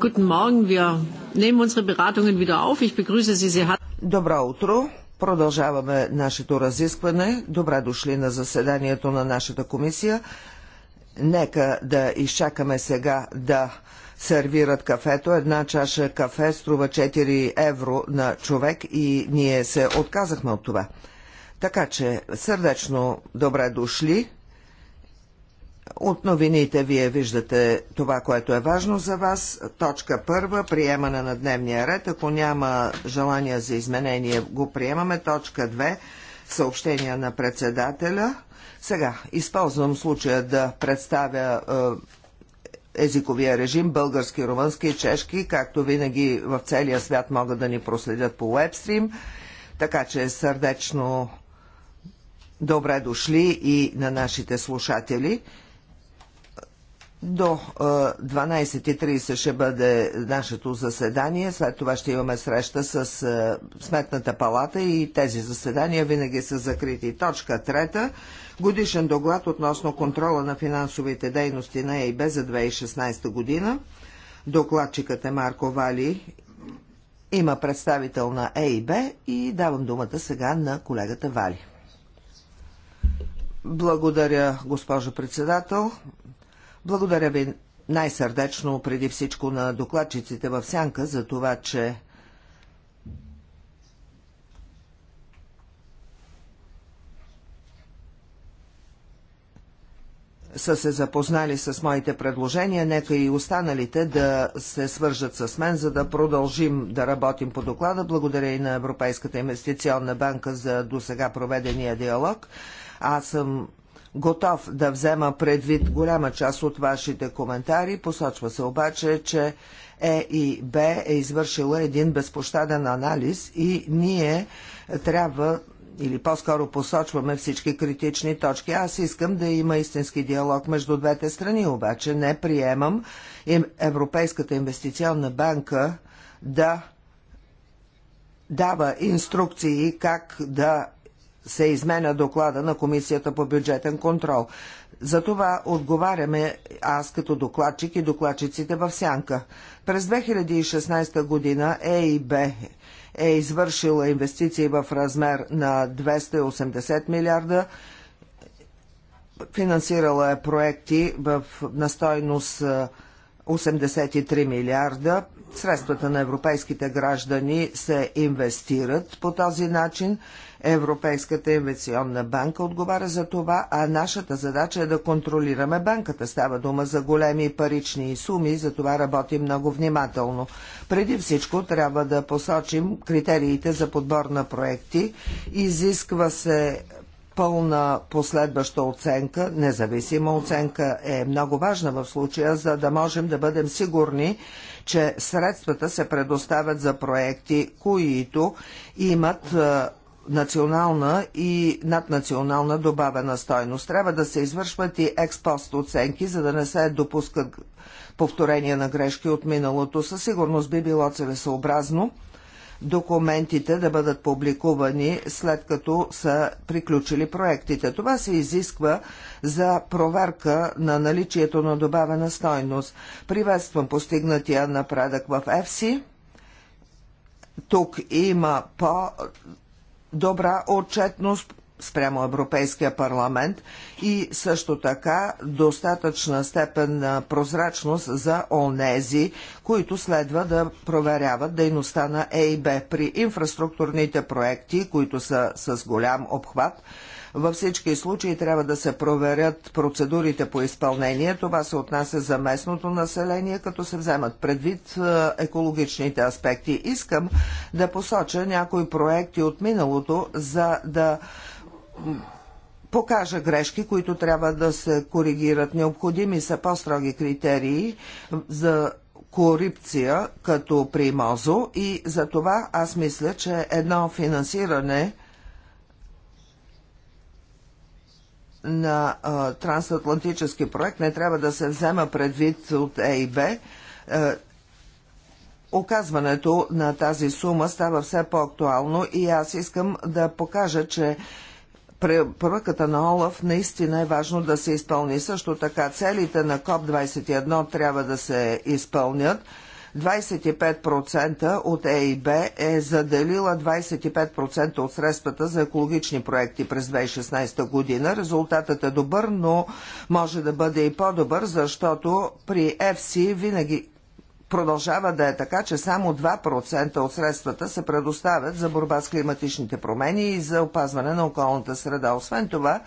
Guten Morgen, wir nehmen unsere Beratungen wieder auf. Ich begrüße Sie. Sie Добро утро! Продължаваме нашето разискване. Добре дошли на заседанието на нашата комисия. Нека да изчакаме сега да сервират кафето. Една чаша кафе струва 4 евро на човек и ние се отказахме от това. Така че сърдечно добре дошли. От новините вие виждате това, което е важно за вас. Точка първа, приемане на дневния ред. Ако няма желание за изменение, го приемаме. Точка две, съобщения на председателя. Сега, използвам случая да представя е, езиковия режим, български, румънски и чешки, както винаги в целия свят могат да ни проследят по вебстрим. Така че сърдечно добре дошли и на нашите слушатели. До 12.30 е, ще бъде нашето заседание, след това ще имаме среща с е, Сметната палата и тези заседания винаги са закрити. Точка трета. Годишен доклад относно контрола на финансовите дейности на ЕИБ за 2016 година. Докладчикът е Марко Вали. Има представител на ЕИБ и давам думата сега на колегата Вали. Благодаря, госпожо председател. Благодаря ви най-сърдечно преди всичко на докладчиците в Сянка за това, че са се запознали с моите предложения, нека и останалите да се свържат с мен, за да продължим да работим по доклада. Благодаря и на Европейската инвестиционна банка за досега проведения диалог. Аз съм готов да взема предвид голяма част от вашите коментари. Посочва се обаче, че Е и Б е извършила един безпощаден анализ и ние трябва или по-скоро посочваме всички критични точки. Аз искам да има истински диалог между двете страни, обаче не приемам Европейската инвестиционна банка да дава инструкции как да се изменя доклада на Комисията по бюджетен контрол. За това отговаряме аз като докладчик и докладчиците в сянка. През 2016 година ЕИБ е извършила инвестиции в размер на 280 милиарда, финансирала е проекти в настойност 83 милиарда. Средствата на европейските граждани се инвестират по този начин. Европейската инвестиционна банка отговаря за това, а нашата задача е да контролираме банката. Става дума за големи парични суми, за това работим много внимателно. Преди всичко трябва да посочим критериите за подбор на проекти. Изисква се пълна последваща оценка, независима оценка е много важна в случая, за да можем да бъдем сигурни, че средствата се предоставят за проекти, които имат е, национална и наднационална добавена стойност. Трябва да се извършват и експост оценки, за да не се допускат повторения на грешки от миналото. Със сигурност би било целесообразно документите да бъдат публикувани след като са приключили проектите. Това се изисква за проверка на наличието на добавена стойност. Приветствам постигнатия напредък в ЕФСИ. Тук има по добра отчетност спрямо Европейския парламент и също така достатъчна степен на прозрачност за онези, които следва да проверяват дейността на ЕИБ при инфраструктурните проекти, които са с голям обхват. Във всички случаи трябва да се проверят процедурите по изпълнение. Това се отнася за местното население, като се вземат предвид е, екологичните аспекти. Искам да посоча някои проекти от миналото, за да покажа грешки, които трябва да се коригират. Необходими са по-строги критерии за корупция, като при МОЗО и за това аз мисля, че едно финансиране на а, трансатлантически проект не трябва да се взема предвид от ЕИБ. Е, оказването на тази сума става все по-актуално и аз искам да покажа, че препоръката на Олаф наистина е важно да се изпълни. Също така целите на КОП-21 трябва да се изпълнят. 25% от ЕИБ е заделила 25% от средствата за екологични проекти през 2016 година. Резултатът е добър, но може да бъде и по-добър, защото при ЕФСИ винаги продължава да е така, че само 2% от средствата се предоставят за борба с климатичните промени и за опазване на околната среда. Освен това,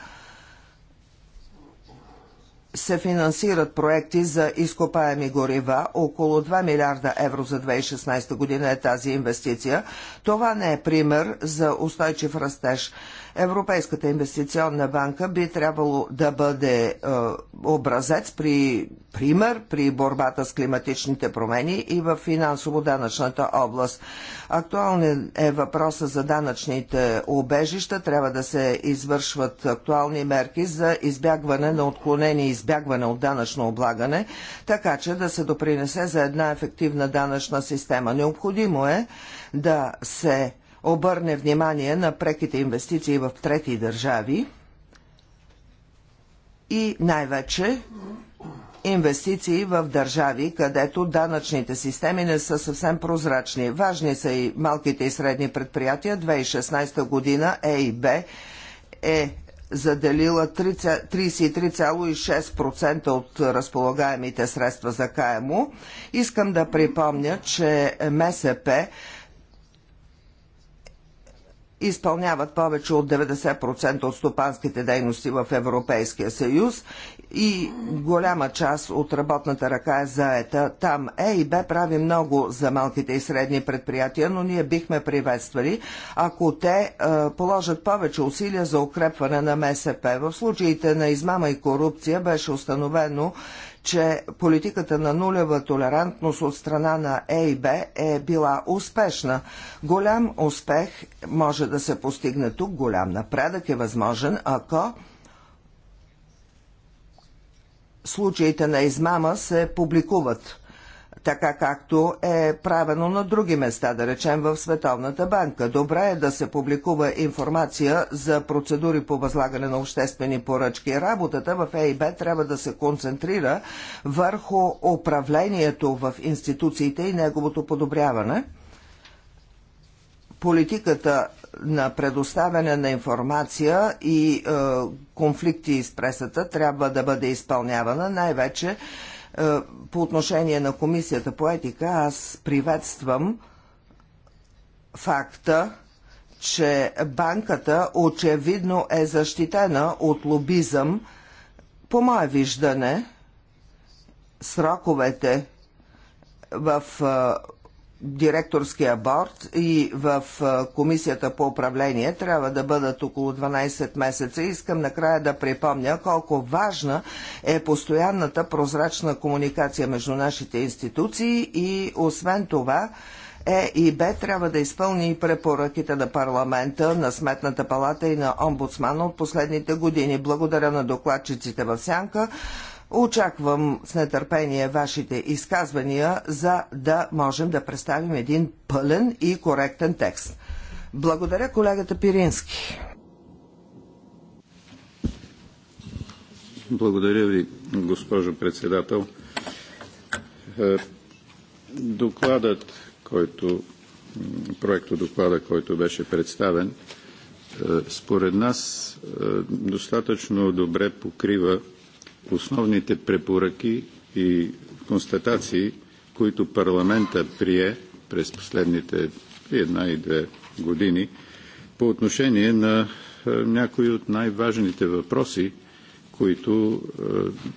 се финансират проекти за изкопаеми горива. Около 2 милиарда евро за 2016 година е тази инвестиция. Това не е пример за устойчив растеж. Европейската инвестиционна банка би трябвало да бъде е, образец при пример при борбата с климатичните промени и в финансово-данъчната област. Актуален е въпроса за данъчните обежища. Трябва да се извършват актуални мерки за избягване на отклонение и избягване от данъчно облагане, така че да се допринесе за една ефективна данъчна система. Необходимо е да се обърне внимание на преките инвестиции в трети държави и най-вече инвестиции в държави, където данъчните системи не са съвсем прозрачни. Важни са и малките и средни предприятия. 2016 година ЕИБ е заделила 33,6% от разполагаемите средства за КМО. Искам да припомня, че МСП изпълняват повече от 90% от стопанските дейности в Европейския съюз и голяма част от работната ръка е заета. Там Е и Б прави много за малките и средни предприятия, но ние бихме приветствали, ако те е, положат повече усилия за укрепване на МСП. В случаите на измама и корупция беше установено, че политиката на нулева толерантност от страна на ЕИБ е била успешна. Голям успех може да се постигне тук, голям напредък е възможен, ако случаите на измама се публикуват така както е правено на други места, да речем в Световната банка. Добре е да се публикува информация за процедури по възлагане на обществени поръчки. Работата в ЕИБ трябва да се концентрира върху управлението в институциите и неговото подобряване. Политиката на предоставяне на информация и е, конфликти с пресата трябва да бъде изпълнявана най-вече е, по отношение на Комисията по етика, аз приветствам факта, че банката очевидно е защитена от лобизъм. По мое виждане, сроковете в е, директорския борт и в комисията по управление трябва да бъдат около 12 месеца. Искам накрая да припомня колко важна е постоянната прозрачна комуникация между нашите институции и освен това е и Б трябва да изпълни и препоръките на парламента, на Сметната палата и на омбудсмана от последните години. Благодаря на докладчиците в Сянка Очаквам с нетърпение вашите изказвания, за да можем да представим един пълен и коректен текст. Благодаря колегата Пирински. Благодаря ви, госпожо председател. Е, докладът, който, проекто доклада, който беше представен, е, според нас е, достатъчно добре покрива основните препоръки и констатации, които парламента прие през последните една и две години по отношение на е, някои от най-важните въпроси, които е,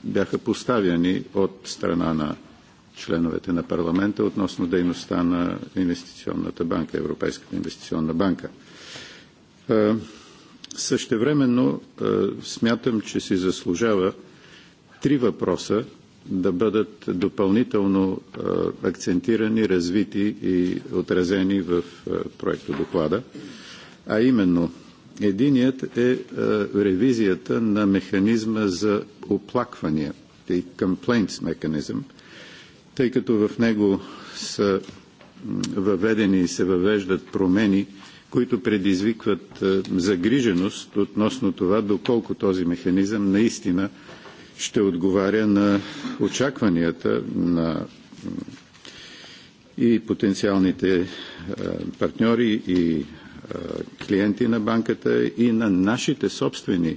бяха поставяни от страна на членовете на парламента относно дейността на Инвестиционната банка, Европейската инвестиционна банка. Е, същевременно смятам, че си заслужава три въпроса да бъдат допълнително акцентирани, развити и отразени в проекта доклада. А именно, единият е ревизията на механизма за оплаквания, и complaints mechanism, тъй като в него са въведени и се въвеждат промени, които предизвикват загриженост относно това доколко този механизъм наистина ще отговаря на очакванията на и потенциалните партньори и клиенти на банката и на нашите собствени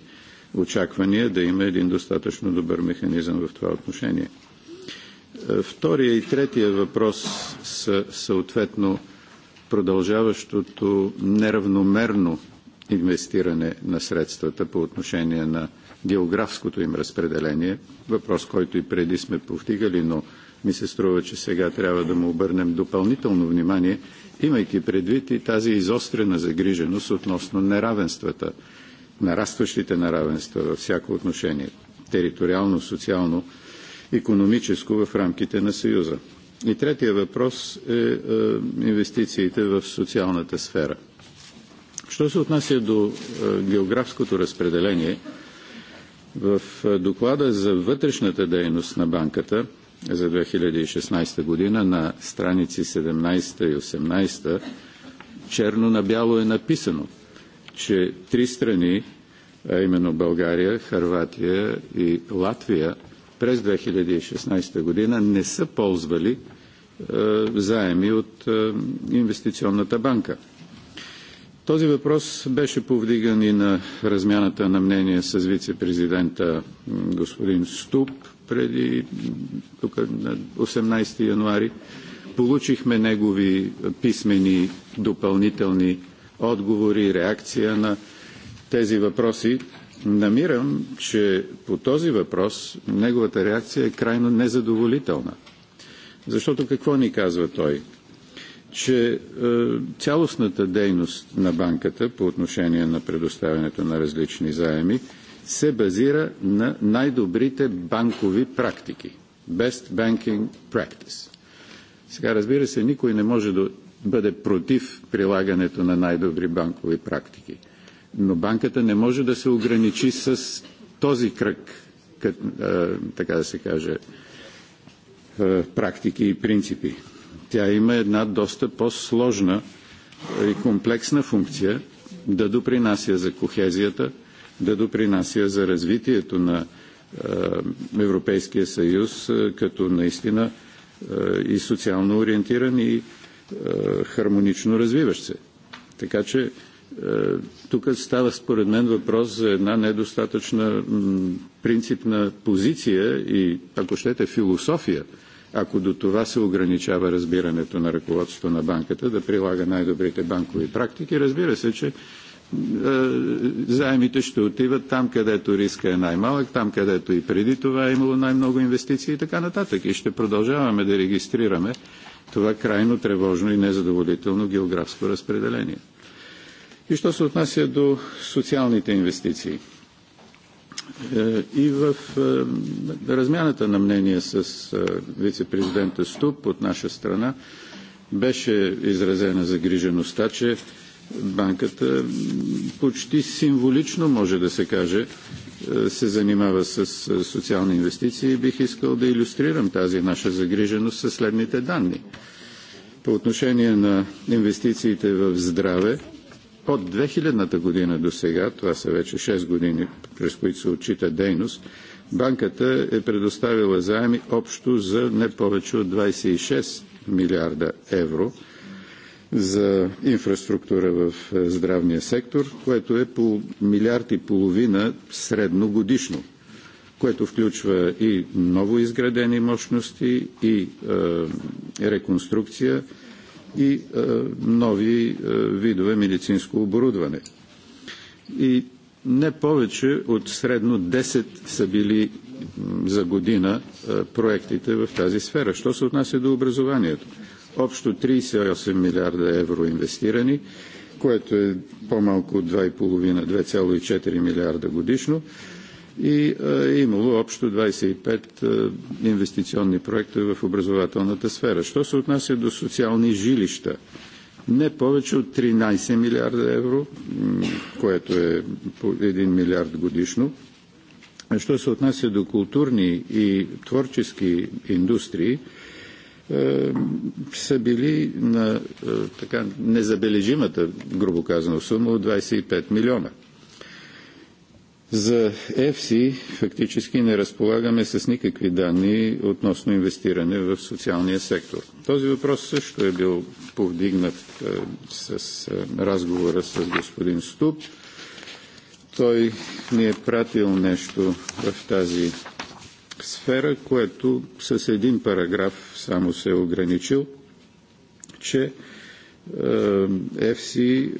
очаквания да има един достатъчно добър механизъм в това отношение. Втория и третия въпрос са съответно продължаващото неравномерно инвестиране на средствата по отношение на географското им разпределение. Въпрос, който и преди сме повдигали, но ми се струва, че сега трябва да му обърнем допълнително внимание, имайки предвид и тази изострена загриженост относно неравенствата, нарастващите неравенства във всяко отношение – териториално, социално, економическо в рамките на Съюза. И третия въпрос е, е инвестициите в социалната сфера. Що се отнася до е, географското разпределение – в е, доклада за вътрешната дейност на банката за 2016 година на страници 17 и 18 черно на бяло е написано, че три страни, а именно България, Харватия и Латвия, през 2016 година не са ползвали е, заеми от е, инвестиционната банка. Този въпрос беше повдиган и на размяната на мнение с вице-президента господин Ступ преди тук на 18 януари. Получихме негови писмени допълнителни отговори, реакция на тези въпроси. Намирам, че по този въпрос неговата реакция е крайно незадоволителна. Защото какво ни казва той? че е, цялостната дейност на банката по отношение на предоставянето на различни заеми се базира на най-добрите банкови практики. Best banking practice. Сега, разбира се, никой не може да бъде против прилагането на най-добри банкови практики. Но банката не може да се ограничи с този кръг, е, така да се каже, е, практики и принципи. Тя има една доста по-сложна и комплексна функция да допринася за кохезията, да допринася за развитието на е, Европейския съюз е, като наистина е, и социално ориентиран и хармонично развиващ се. Така че тук става според мен въпрос за една недостатъчна принципна позиция и, ако щете, философия – ако до това се ограничава разбирането на ръководството на банката да прилага най-добрите банкови практики. Разбира се, че е, заемите ще отиват там, където риска е най-малък, там, където и преди това е имало най-много инвестиции и така нататък. И ще продължаваме да регистрираме това крайно тревожно и незадоволително географско разпределение. И що се отнася до социалните инвестиции – е, и в е, размяната на мнение с е, вице-президента Ступ от наша страна беше изразена загрижеността, че банката почти символично, може да се каже, се занимава с социални инвестиции и бих искал да иллюстрирам тази наша загриженост със следните данни. По отношение на инвестициите в здраве, от 2000-та година до сега, това са вече 6 години, през които се отчита дейност, банката е предоставила заеми общо за не повече от 26 милиарда евро за инфраструктура в е, здравния сектор, което е по милиард и половина средно годишно, което включва и ново изградени мощности, и е, реконструкция, и е, нови е, видове медицинско оборудване. И не повече от средно 10 са били за година е, проектите в тази сфера. Що се отнася до образованието? Общо 38 милиарда евро инвестирани, което е по-малко от 2,5-2,4 милиарда годишно и е имало общо 25 инвестиционни проекта в образователната сфера. Що се отнася до социални жилища? Не повече от 13 милиарда евро, което е по 1 милиард годишно. Що се отнася до културни и творчески индустрии, е, са били на е, така незабележимата, грубо казано, сума от 25 милиона – за ЕФСИ фактически не разполагаме с никакви данни относно инвестиране в социалния сектор. Този въпрос също е бил повдигнат е, с е, разговора с господин Ступ. Той ни е пратил нещо в тази сфера, което с един параграф само се е ограничил, че е, ЕФСИ,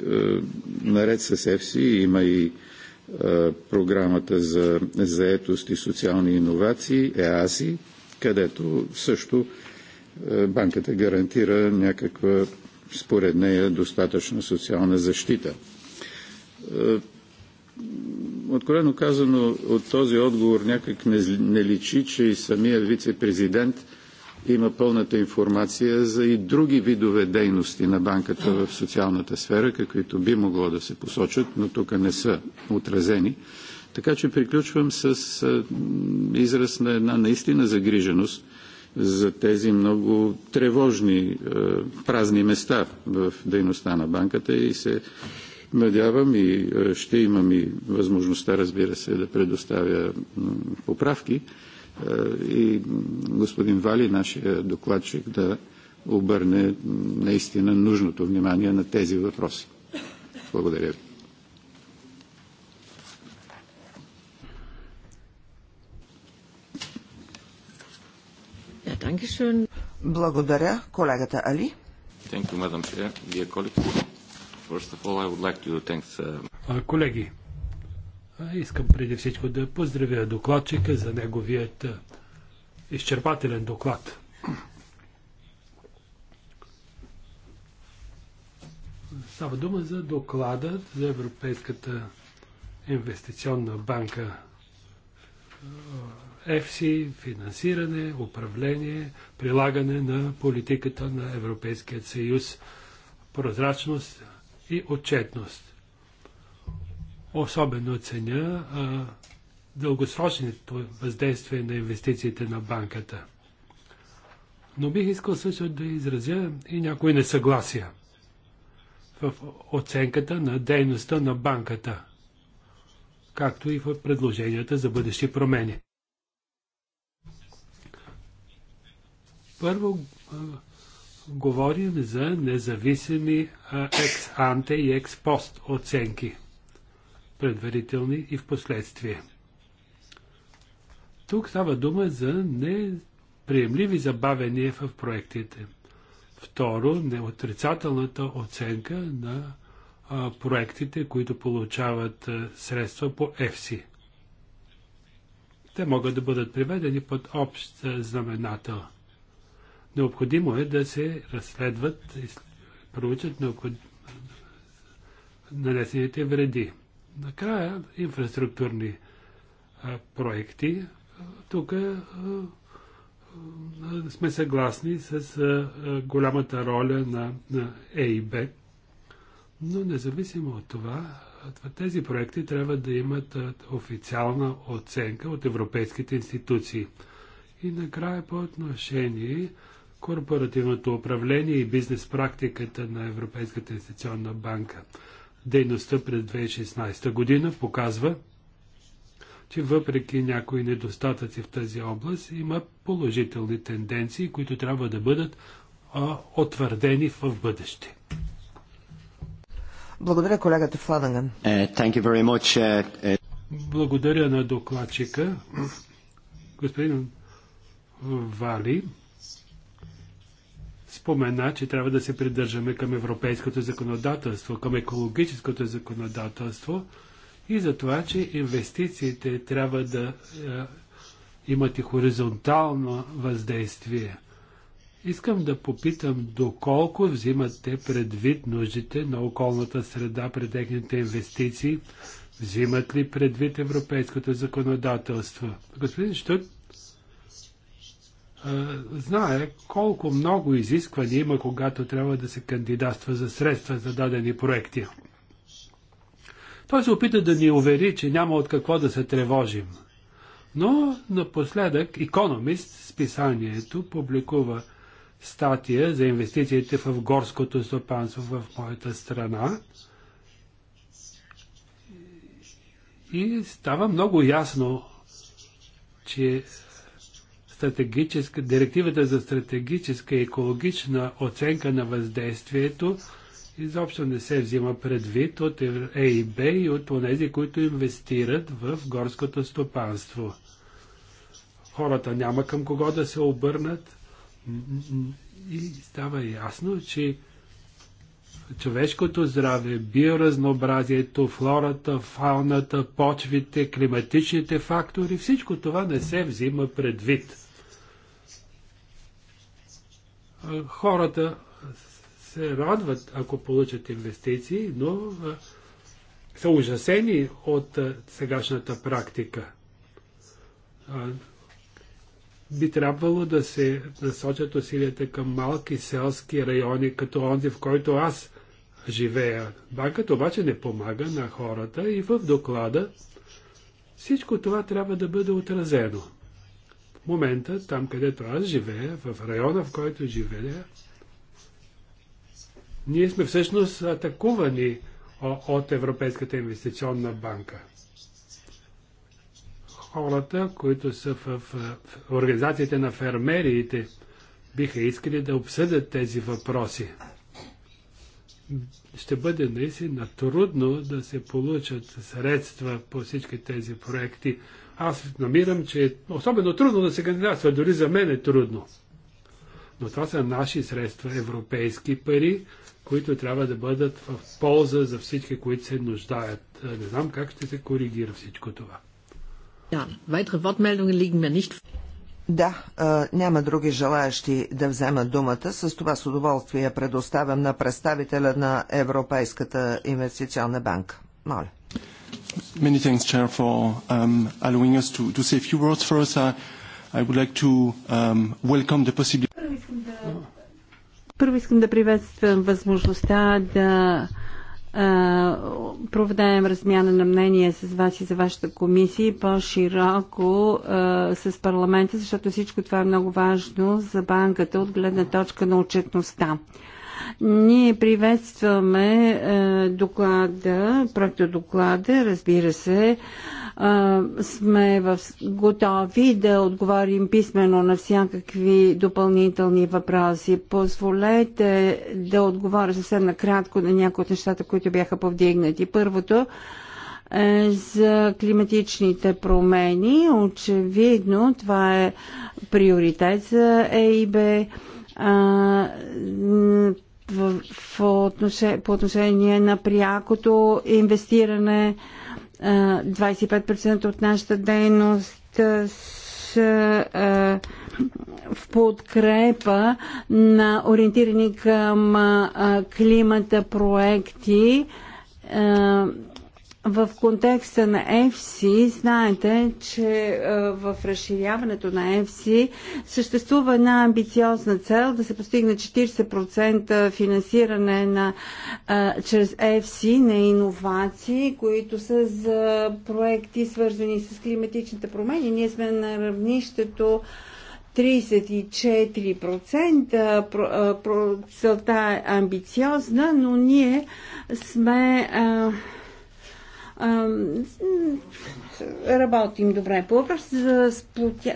наред с ЕФСИ има и е, програмата за заетост и социални иновации, ЕАСИ, където също е, банката гарантира някаква, според нея, достатъчна социална защита. Е, откровено казано, от този отговор някак не, не личи, че и самият вице-президент – има пълната информация за и други видове дейности на банката в социалната сфера, каквито би могло да се посочат, но тук не са отразени. Така че приключвам с израз на една наистина загриженост за тези много тревожни празни места в дейността на банката и се надявам и ще имам и възможността, разбира се, да предоставя поправки е, и господин Вали, нашия докладчик, да обърне наистина нужното внимание на тези въпроси. Благодаря ви. Благодаря, колегата Али. Thank you, Madam Chair. Dear colleagues, first of all, I would like to thank... Uh, колеги, Искам преди всичко да поздравя докладчика за неговият изчерпателен доклад. Става дума за доклада за Европейската инвестиционна банка. ЕФСИ, финансиране, управление, прилагане на политиката на Европейския съюз, прозрачност и отчетност. Особено ценя а, дългосрочното въздействие на инвестициите на банката. Но бих искал също да изразя и някои несъгласия в оценката на дейността на банката, както и в предложенията за бъдещи промени. Първо говорим за независими екс-анте и екс-пост оценки – предварителни и в последствие. Тук става дума за неприемливи забавения в проектите. Второ, неотрицателната оценка на а, проектите, които получават а, средства по ЕФСИ. Те могат да бъдат приведени под общ а, знаменател. Необходимо е да се разследват и проучат необход... нанесените вреди. Накрая инфраструктурни а, проекти. Тук сме съгласни с а, а, голямата роля на, на ЕИБ, но независимо от това, тези проекти трябва да имат официална оценка от европейските институции. И накрая по отношение корпоративното управление и бизнес практиката на Европейската инвестиционна банка дейността през 2016 година показва, че въпреки някои недостатъци в тази област, има положителни тенденции, които трябва да бъдат а, отвърдени в бъдеще. Благодаря колегата Фланаган. Е, е, е. Благодаря на докладчика. Господин Вали, спомена, че трябва да се придържаме към европейското законодателство, към екологическото законодателство и за това, че инвестициите трябва да е, имат и хоризонтално въздействие. Искам да попитам доколко взимате предвид нуждите на околната среда при техните инвестиции, взимат ли предвид европейското законодателство. Господин Штут знае колко много изисквания има, когато трябва да се кандидатства за средства за дадени проекти. Той се опита да ни увери, че няма от какво да се тревожим. Но напоследък Економист с писанието публикува статия за инвестициите в горското стопанство в моята страна. И става много ясно, че стратегическа, директивата за стратегическа и екологична оценка на въздействието изобщо не се взима предвид от ЕИБ и от тези, които инвестират в горското стопанство. Хората няма към кого да се обърнат и става ясно, че човешкото здраве, биоразнообразието, флората, фауната, почвите, климатичните фактори, всичко това не се взима предвид хората се радват, ако получат инвестиции, но са ужасени от сегашната практика. Би трябвало да се насочат усилията към малки селски райони, като онзи, в който аз живея. Банката обаче не помага на хората и в доклада всичко това трябва да бъде отразено момента, там където аз живея, в района, в който живея, ние сме всъщност атакувани от Европейската инвестиционна банка. Хората, които са в организациите на фермериите, биха искали да обсъдят тези въпроси. Ще бъде наистина трудно да се получат средства по всички тези проекти. Аз намирам, че е особено трудно да се кандидатства. Дори за мен е трудно. Но това са наши средства, европейски пари, които трябва да бъдат в полза за всички, които се нуждаят. Не знам как ще се коригира всичко това. Да, Да, няма други желаящи да вземат думата. С това с удоволствие предоставям на представителя на Европейската инвестиционна банка. Моля. Many thanks, Chair, for um, allowing us to, to say a few words. First, I, I would like to um, welcome the possibility. Първо искам да приветствам възможността да а, проведем размяна на мнение с вас и за вашата комисия по-широко с парламента, защото всичко това е много важно за банката от гледна точка на отчетността. Ние приветстваме е, доклада, проекто доклада, разбира се, е, сме в, готови да отговорим писменно на всякакви допълнителни въпроси. Позволете да отговоря съвсем накратко на някои от нещата, които бяха повдигнати. Първото, е за климатичните промени. Очевидно това е приоритет за ЕИБ в, в отношение, по отношение на прякото инвестиране. 25% от нашата дейност са в подкрепа на ориентирани към климата проекти в контекста на FC, знаете, че в разширяването на FC съществува една амбициозна цел да се постигне 40% финансиране на, чрез FC на иновации, които са за проекти свързани с климатичните промени. Ние сме на равнището 34%. Целта е амбициозна, но ние сме а, работим добре по въпрос за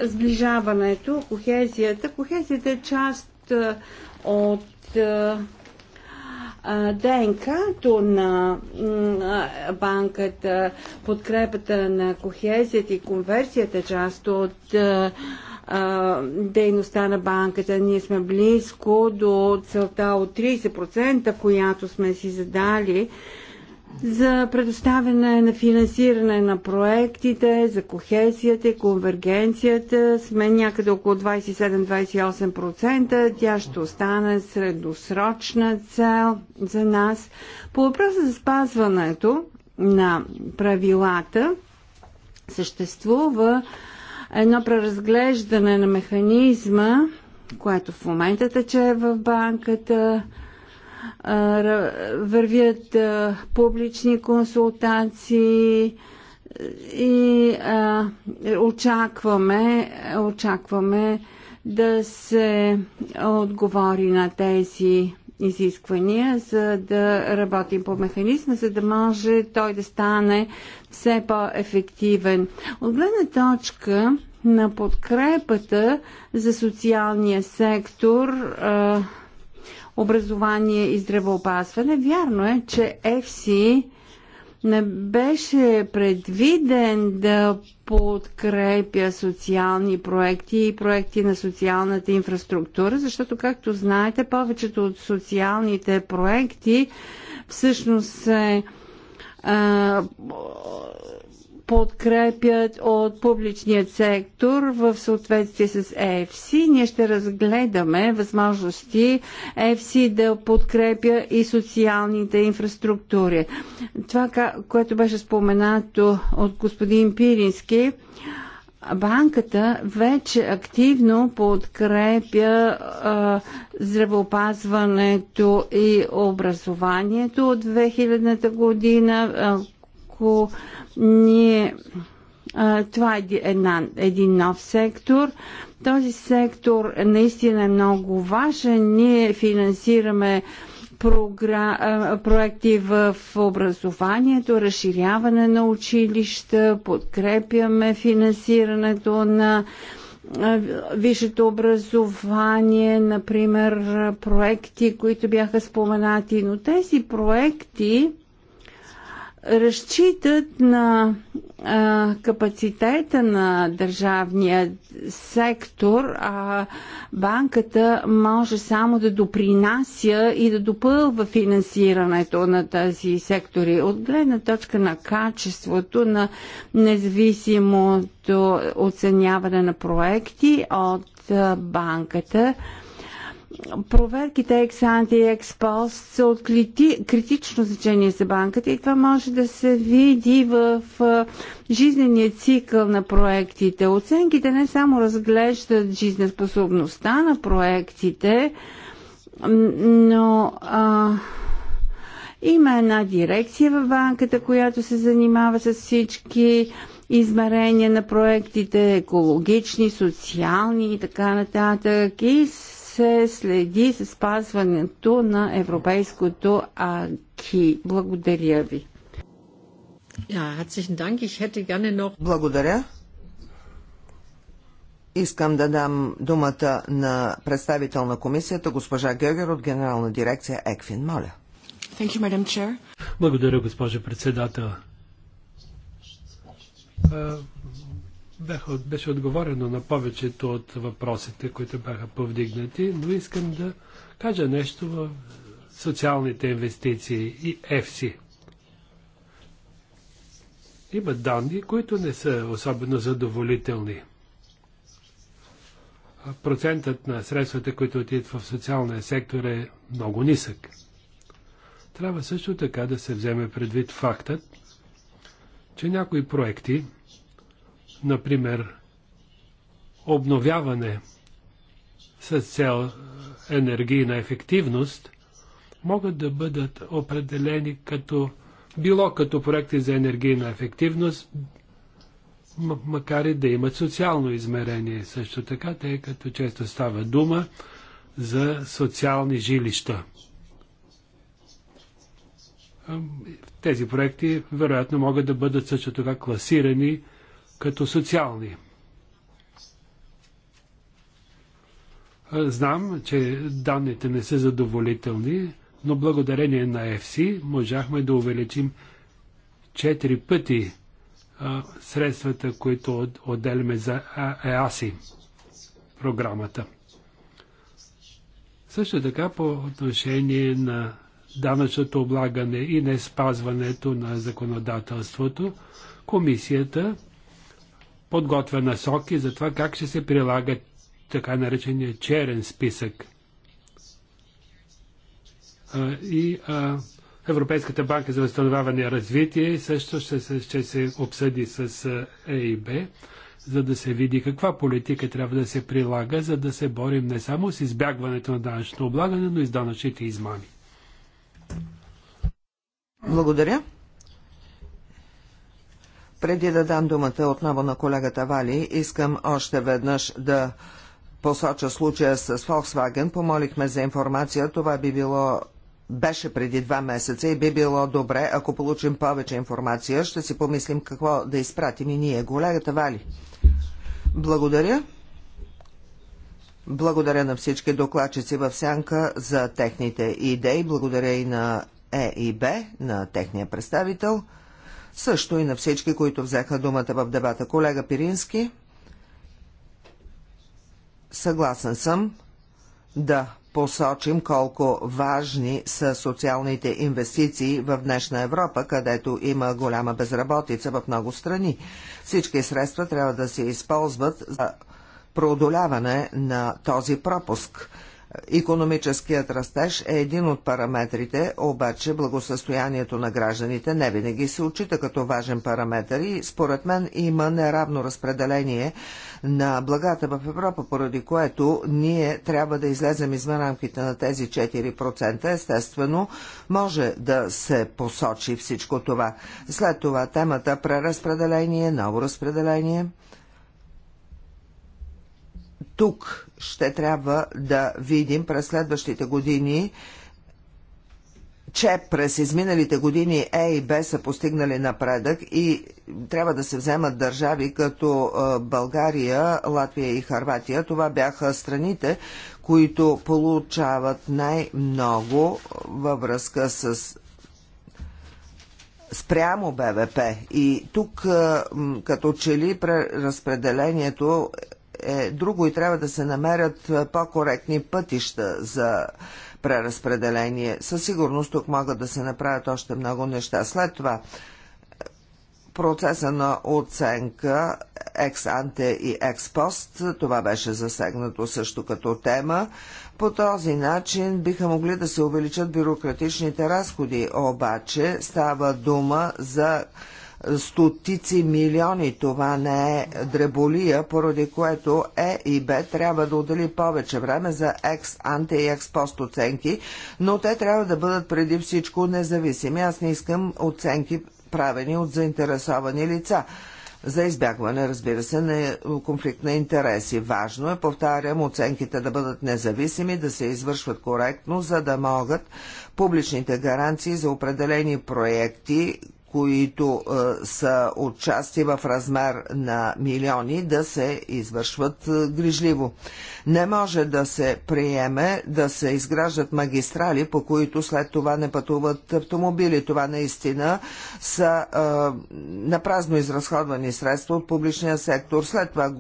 сближаването, кохезията. Кохезията е част от ДНК-то на банката, подкрепата на кохезията и конверсията е част от дейността на банката. Ние сме близко до целта от 30%, която сме си задали за предоставяне на финансиране на проектите, за кохезията и конвергенцията сме някъде около 27-28%. Тя ще остане средосрочна цел за нас. По въпроса за спазването на правилата съществува едно преразглеждане на механизма, което в момента тече в банката – вървят публични консултации и очакваме, очакваме да се отговори на тези изисквания, за да работим по механизма, за да може той да стане все по-ефективен. От гледна точка на подкрепата за социалния сектор, образование и здравеопазване. Вярно е, че ЕФСИ не беше предвиден да подкрепя социални проекти и проекти на социалната инфраструктура, защото, както знаете, повечето от социалните проекти всъщност се подкрепят от публичният сектор в съответствие с EFC. Ние ще разгледаме възможности EFC да подкрепя и социалните инфраструктури. Това, което беше споменато от господин Пирински, банката вече активно подкрепя а, здравеопазването и образованието от 2000-та година ако ние това е една, един нов сектор. Този сектор наистина е много важен. Ние финансираме програ... проекти в образованието, разширяване на училища, подкрепяме финансирането на висшето образование, например, проекти, които бяха споменати, но тези проекти разчитат на а, капацитета на държавния сектор, а банката може само да допринася и да допълва финансирането на тази сектори. От гледна точка на качеството, на независимото оценяване на проекти от банката, проверките Ексанти и експост са от критично значение за банката и това може да се види в жизнения цикъл на проектите. Оценките не само разглеждат жизнеспособността на проектите, но а, има една дирекция в банката, която се занимава с всички измерения на проектите, екологични, социални и така нататък. И се следи за спазването на европейското АКИ. Благодаря ви. Благодаря. Искам да дам думата на представител на комисията, госпожа Гегер от Генерална дирекция ЕКФИН. Моля. You, Благодаря, госпожа председател беше отговорено на повечето от въпросите, които бяха повдигнати, но искам да кажа нещо в социалните инвестиции и ЕФСИ. Има данни, които не са особено задоволителни. Процентът на средствата, които отидат в социалния сектор е много нисък. Трябва също така да се вземе предвид фактът, че някои проекти, например, обновяване с цел енергийна ефективност, могат да бъдат определени като било като проекти за енергийна ефективност, макар и да имат социално измерение също така, тъй като често става дума за социални жилища. Тези проекти вероятно могат да бъдат също така класирани като социални. Знам, че данните не са задоволителни, но благодарение на FC можахме да увеличим 4 пъти а, средствата, които отделяме за ЕАСИ програмата. Също така по отношение на данъчното облагане и неспазването спазването на законодателството, комисията подготвя насоки за това как ще се прилага така наречения черен списък. И Европейската банка за възстановяване и развитие също ще се, ще се обсъди с ЕИБ, за да се види каква политика трябва да се прилага, за да се борим не само с избягването на данъчно облагане, но и с данъчните измами. Благодаря. Преди да дам думата отново на колегата Вали, искам още веднъж да посоча случая с Volkswagen. Помолихме за информация. Това би било беше преди два месеца и би било добре, ако получим повече информация, ще си помислим какво да изпратим и ние. Колегата Вали. Благодаря. Благодаря на всички докладчици в Сянка за техните идеи. Благодаря и на Е и Б, на техния представител също и на всички, които взеха думата в дебата. Колега Пирински, съгласен съм да посочим колко важни са социалните инвестиции в днешна Европа, където има голяма безработица в много страни. Всички средства трябва да се използват за преодоляване на този пропуск – Економическият растеж е един от параметрите, обаче благосъстоянието на гражданите не винаги се отчита като важен параметр и според мен има неравно разпределение на благата в Европа, поради което ние трябва да излезем извън рамките на тези 4%. Естествено, може да се посочи всичко това. След това темата преразпределение, ново разпределение. Тук ще трябва да видим през следващите години, че през изминалите години Е и Б са постигнали напредък и трябва да се вземат държави като България, Латвия и Харватия. Това бяха страните, които получават най-много във връзка с спрямо БВП. И тук като че ли разпределението е друго и трябва да се намерят е, по-коректни пътища за преразпределение. Със сигурност тук могат да се направят още много неща. След това процеса на оценка екс-анте и екс-пост, това беше засегнато също като тема. По този начин биха могли да се увеличат бюрократичните разходи, обаче става дума за стотици милиони. Това не е дреболия, поради което Е и Б трябва да отдели повече време за екс, анти и екс пост оценки, но те трябва да бъдат преди всичко независими. Аз не искам оценки правени от заинтересовани лица за избягване, разбира се, на конфликт на интереси. Важно е, повтарям, оценките да бъдат независими, да се извършват коректно, за да могат публичните гаранции за определени проекти, които а, е, са отчасти в размер на милиони, да се извършват а, е, грижливо. Не може да се приеме да се изграждат магистрали, по които след това не пътуват автомобили. Това наистина са на е, напразно изразходвани средства от публичния сектор. След това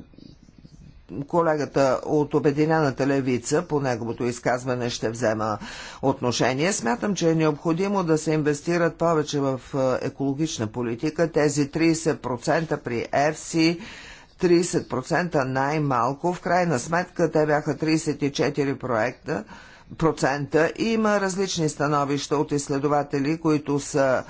колегата от Обединената левица, по неговото изказване ще взема отношение. Смятам, че е необходимо да се инвестират повече в е, екологична политика. Тези 30% при ЕФСИ 30% най-малко. В крайна сметка те бяха 34 проекта процента. Има различни становища от изследователи, които са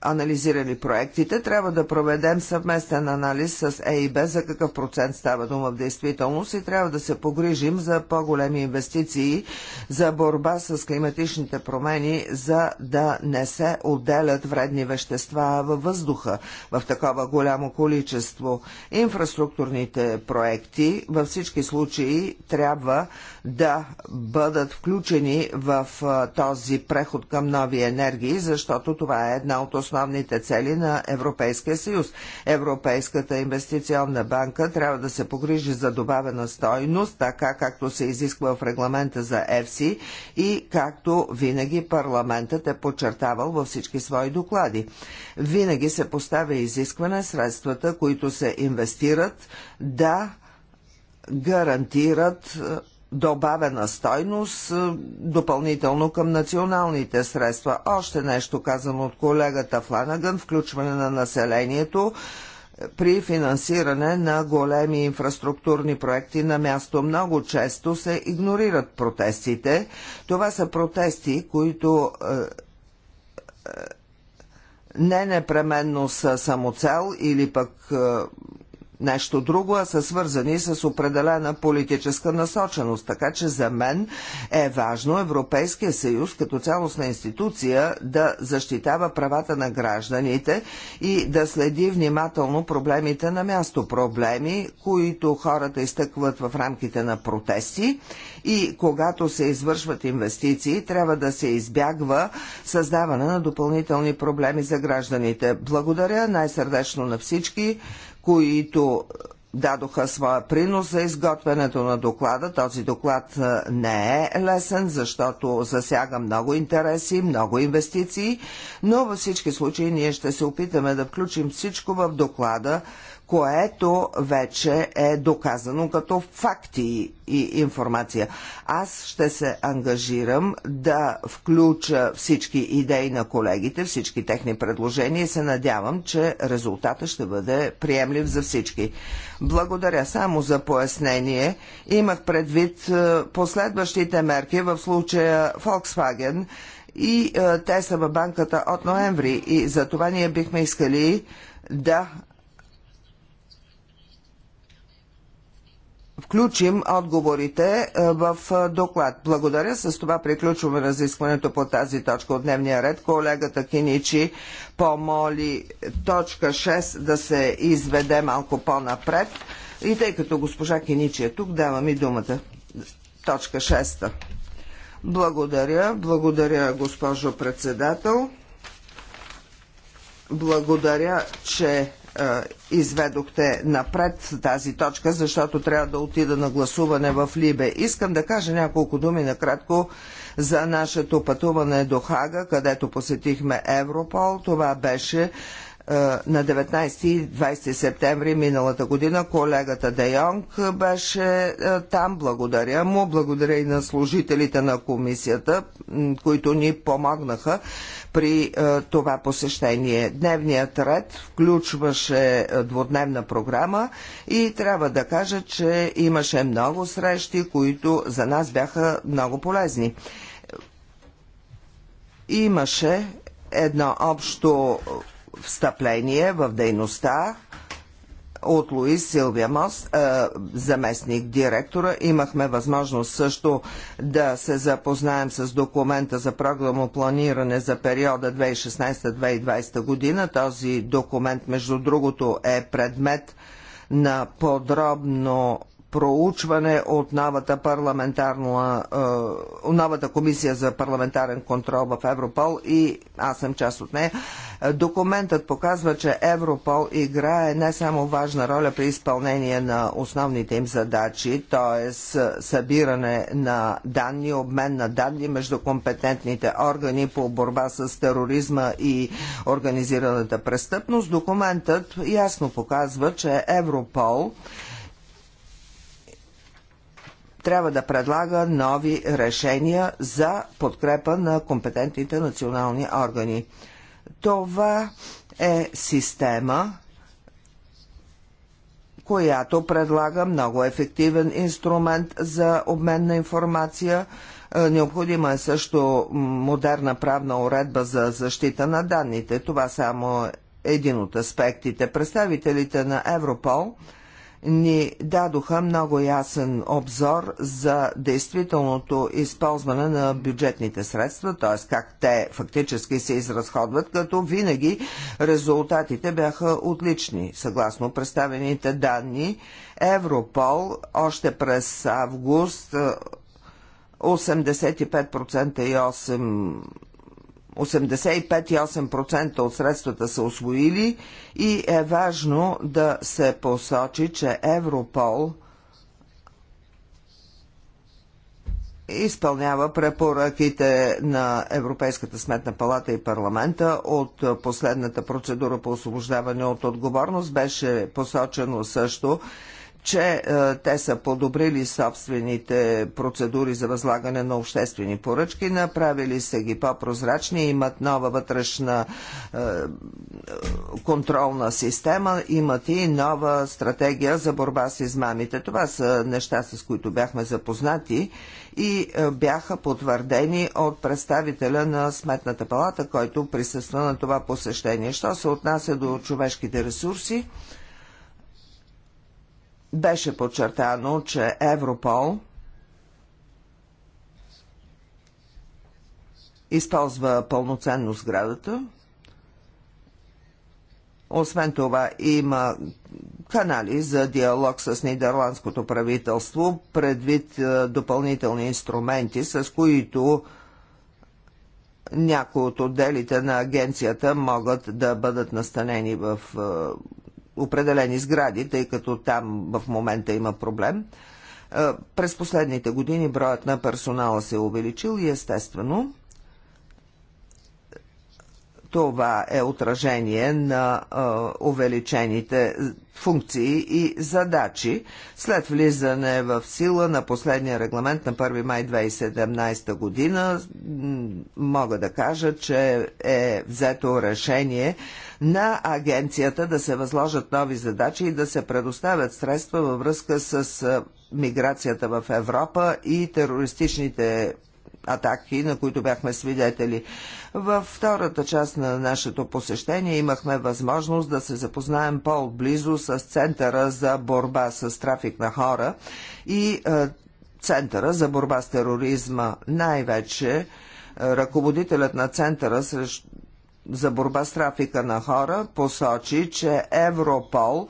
анализирали проектите, трябва да проведем съвместен анализ с ЕИБ за какъв процент става дума в действителност и трябва да се погрижим за по-големи инвестиции за борба с климатичните промени, за да не се отделят вредни вещества във въздуха в такова голямо количество. Инфраструктурните проекти във всички случаи трябва да бъдат включени в този преход към нови енергии, защото това е една от основните цели на Европейския съюз. Европейската инвестиционна банка трябва да се погрижи за добавена стойност, така както се изисква в регламента за ЕФСИ и както винаги парламентът е подчертавал във всички свои доклади. Винаги се поставя изискване средствата, които се инвестират, да гарантират добавена стойност е, допълнително към националните средства. Още нещо казано от колегата Фланаган, включване на населението при финансиране на големи инфраструктурни проекти на място много често се игнорират протестите. Това са протести, които е, е, не непременно са самоцел или пък е, нещо друго, а са свързани с определена политическа насоченост. Така че за мен е важно Европейския съюз като цялостна институция да защитава правата на гражданите и да следи внимателно проблемите на място. Проблеми, които хората изтъкват в рамките на протести и когато се извършват инвестиции, трябва да се избягва създаване на допълнителни проблеми за гражданите. Благодаря най-сърдечно на всички, които дадоха своя принос за изготвянето на доклада. Този доклад не е лесен, защото засяга много интереси, много инвестиции, но във всички случаи ние ще се опитаме да включим всичко в доклада, което вече е доказано като факти и информация. Аз ще се ангажирам да включа всички идеи на колегите, всички техни предложения и се надявам, че резултата ще бъде приемлив за всички. Благодаря само за пояснение. Имах предвид е, последващите мерки в случая Volkswagen и е, те са в банката от ноември и за това ние бихме искали да включим отговорите е, в е, доклад. Благодаря. С това приключваме разискването по тази точка от дневния ред. Колегата Киничи помоли точка 6 да се изведе малко по-напред. И тъй като госпожа Киничи е тук, давам и думата. Точка 6. Благодаря. Благодаря, госпожо председател. Благодаря, че е, изведохте напред тази точка, защото трябва да отида на гласуване в Либе. Искам да кажа няколко думи накратко за нашето пътуване до Хага, където посетихме Европол. Това беше е, на 19 и 20 септември миналата година. Колегата Де Йонг беше е, там. Благодаря му. Благодаря и на служителите на комисията, които ни помогнаха при е, това посещение. Дневният ред включваше двудневна програма и трябва да кажа, че имаше много срещи, които за нас бяха много полезни. Имаше едно общо встъпление в дейността от Луис Силвия Мос, е, заместник директора. Имахме възможност също да се запознаем с документа за програмно планиране за периода 2016-2020 година. Този документ, между другото, е предмет на подробно проучване от новата парламентарна, е, новата комисия за парламентарен контрол в Европол и аз съм част от нея. Документът показва, че Европол играе не само важна роля при изпълнение на основните им задачи, т.е. събиране на данни, обмен на данни между компетентните органи по борба с тероризма и организираната престъпност. Документът ясно показва, че Европол Европол трябва да предлага нови решения за подкрепа на компетентните национални органи. Това е система, която предлага много ефективен инструмент за обмен на информация. Е, необходима е също модерна правна уредба за защита на данните. Това само е един от аспектите. Представителите на Европол – ни дадоха много ясен обзор за действителното използване на бюджетните средства, т.е. как те фактически се изразходват, като винаги резултатите бяха отлични. Съгласно представените данни, Европол още през август 85% е, и 8 85,8% от средствата са освоили и е важно да се посочи, че Европол изпълнява препоръките на Европейската сметна палата и парламента от последната процедура по освобождаване от отговорност. Беше посочено също, че е, те са подобрили собствените процедури за възлагане на обществени поръчки, направили са ги по-прозрачни, имат нова вътрешна е, е, контролна система, имат и нова стратегия за борба с измамите. Това са неща, с които бяхме запознати и е, бяха потвърдени от представителя на Сметната палата, който присъства на това посещение. Що се отнася до човешките ресурси, беше подчертано, че Европол използва пълноценно сградата. Освен това има канали за диалог с нидерландското правителство, предвид е, допълнителни инструменти, с които някои от отделите на агенцията могат да бъдат настанени в е, определени сгради, тъй като там в момента има проблем. Е, през последните години броят на персонала се е увеличил и естествено това е отражение на а, увеличените функции и задачи след влизане в сила на последния регламент на 1 май 2017 година. Мога да кажа, че е взето решение на агенцията да се възложат нови задачи и да се предоставят средства във връзка с миграцията в Европа и терористичните атаки, на които бяхме свидетели. Във втората част на нашето посещение имахме възможност да се запознаем по близо с Центъра за борба с трафик на хора и е, Центъра за борба с тероризма. Най-вече е, ръководителят на Центъра за борба с трафика на хора посочи, че Европол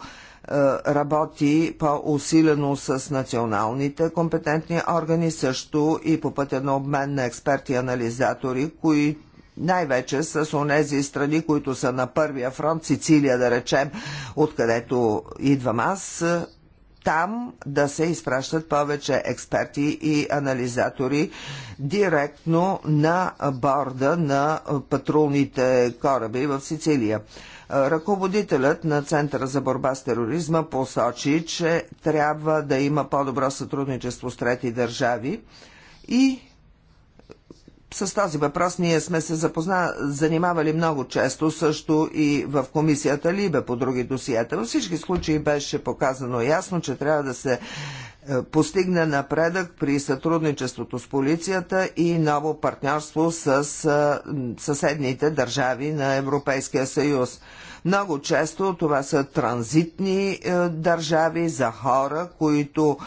е, работи по-усилено с националните компетентни органи, също и по пътя на обмен на експерти и анализатори, които най-вече с онези страни, които са на първия фронт, Сицилия да речем, откъдето идвам аз, е, там да се изпращат повече експерти и анализатори директно на борда на патрулните кораби в Сицилия. Ръководителят на Центъра за борба с тероризма посочи, че трябва да има по-добро сътрудничество с трети държави и с този въпрос ние сме се запозна... занимавали много често, също и в комисията Либе по други досиета. Във всички случаи беше показано ясно, че трябва да се е, постигне напредък при сътрудничеството с полицията и ново партньорство с е, съседните държави на Европейския съюз. Много често това са транзитни е, държави за хора, които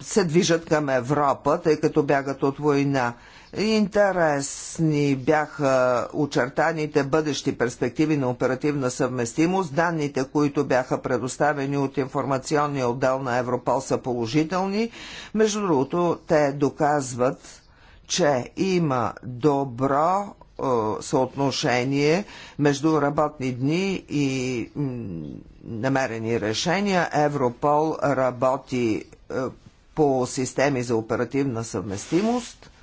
се движат към Европа, тъй като бягат от война. Интересни бяха очертаните бъдещи перспективи на оперативна съвместимост. Данните, които бяха предоставени от информационния отдел на Европол са положителни. Между другото, те доказват, че има добро е, съотношение между работни дни и намерени решения. Европол работи е, по системи за оперативна съвместимост –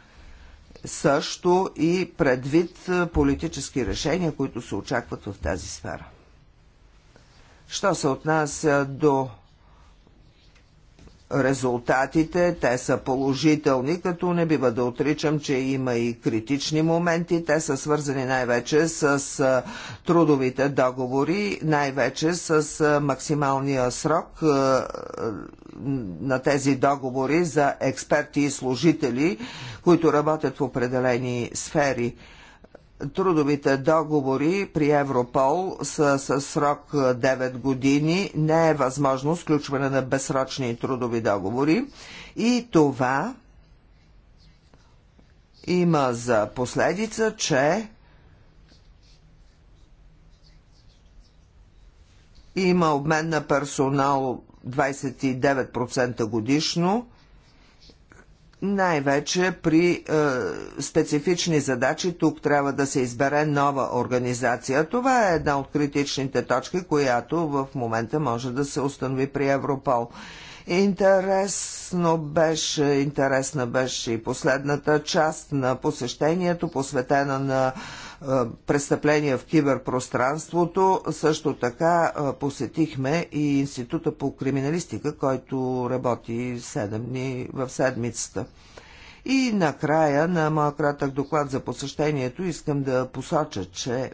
също и предвид политически решения, които се очакват в тази сфера. Що се отнася до резултатите, те са положителни, като не бива да отричам, че има и критични моменти. Те са свързани най-вече с трудовите договори, най-вече с максималния срок на тези договори за експерти и служители, които работят в определени сфери трудовите договори при Европол са с срок 9 е, години. Не е възможно сключване на безсрочни трудови договори. И това има за последица, че има обмен на персонал 29% годишно най-вече при е, специфични задачи тук трябва да се избере нова организация. Това е една от критичните точки, която в момента може да се установи при Европол. Интересно беше, интересна беше и последната част на посещението, посветена на престъпления в киберпространството. Също така посетихме и Института по криминалистика, който работи 7 дни в седмицата. И накрая на моя кратък доклад за посещението искам да посоча, че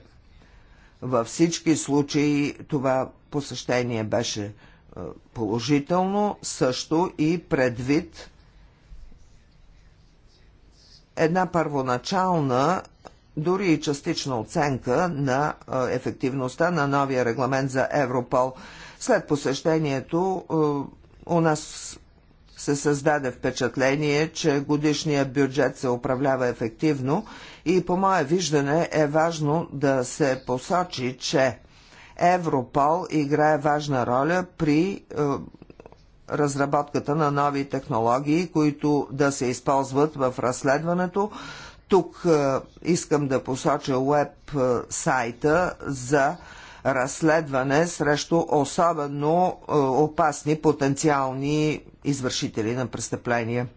във всички случаи това посещение беше положително, също и предвид една първоначална дори и частична оценка на ефективността на новия регламент за Европол. След посещението у нас се създаде впечатление, че годишният бюджет се управлява ефективно и по мое виждане е важно да се посочи, че Европол играе важна роля при разработката на нови технологии, които да се използват в разследването, тук е, искам да посоча веб е, сайта за разследване срещу особено е, опасни потенциални извършители на престъпления.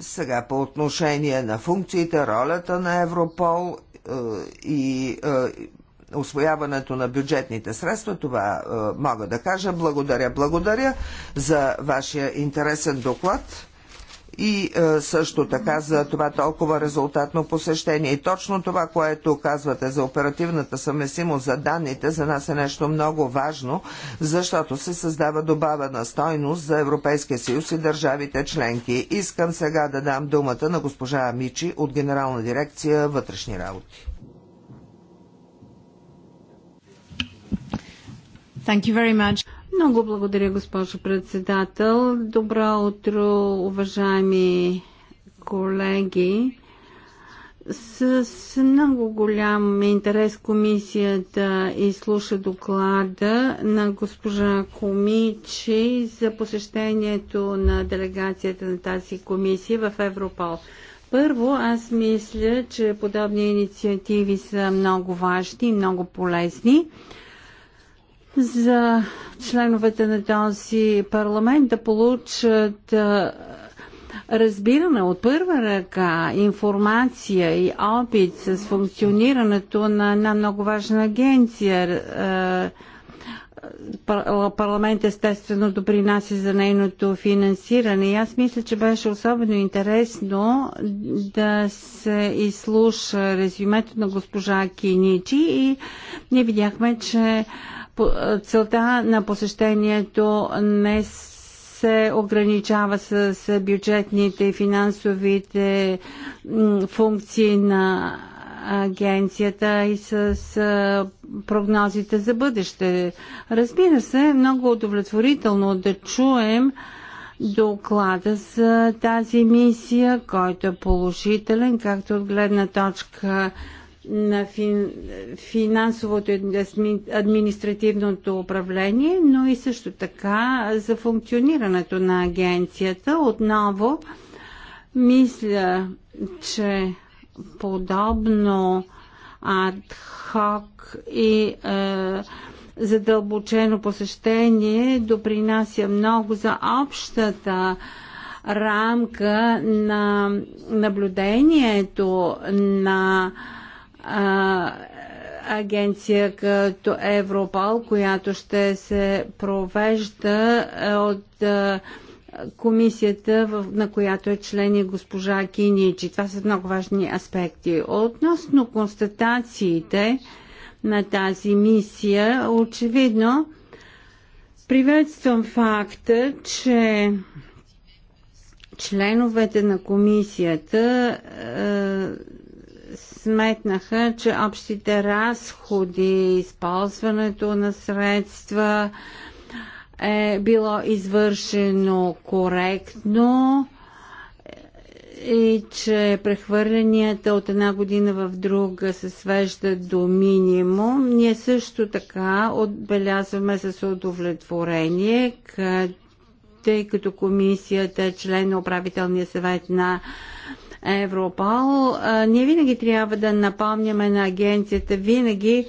Сега по отношение на функциите, ролята на Европол и освояването на бюджетните средства, това мога да кажа. Благодаря, благодаря за вашия интересен доклад и е, също така за това толкова резултатно посещение. И точно това, което казвате за оперативната съвместимост за данните, за нас е нещо много важно, защото се създава добавена стойност за Европейския съюз и държавите членки. Искам сега да дам думата на госпожа Амичи от Генерална дирекция вътрешни работи. Thank you very much. Много благодаря, госпожо председател. Добро утро, уважаеми колеги. С много голям интерес комисията изслуша доклада на госпожа Комичи за посещението на делегацията на тази комисия в Европол. Първо, аз мисля, че подобни инициативи са много важни и много полезни за членовете на този парламент да получат разбиране от първа ръка, информация и опит с функционирането на една много важна агенция. Парламент естествено допринася за нейното финансиране. И аз мисля, че беше особено интересно да се изслуша резюмето на госпожа Киничи и ние видяхме, че е, целта на посещението не се ограничава с бюджетните и финансовите функции на агенцията и с е, прогнозите за бъдеще. Разбира се, е много удовлетворително да чуем доклада за тази мисия, който е положителен, както от гледна точка на фин, финансовото и административното управление, но и също така за функционирането на агенцията. Отново мисля, че подобно адхок и е, задълбочено посещение допринася много за общата рамка на наблюдението на а, агенция като Европол, която ще се провежда е, от е, комисията, на която е член и госпожа Киничи. Това са много важни аспекти. Относно констатациите на тази мисия, очевидно приветствам факта, че членовете на комисията е, сметнаха, че общите разходи, използването на средства е било извършено коректно и че прехвърлянията от една година в друга се свеждат до минимум. Ние също така отбелязваме с удовлетворение, тъй като комисията е член на управителния съвет на Европол, ние винаги трябва да напомняме на агенцията, винаги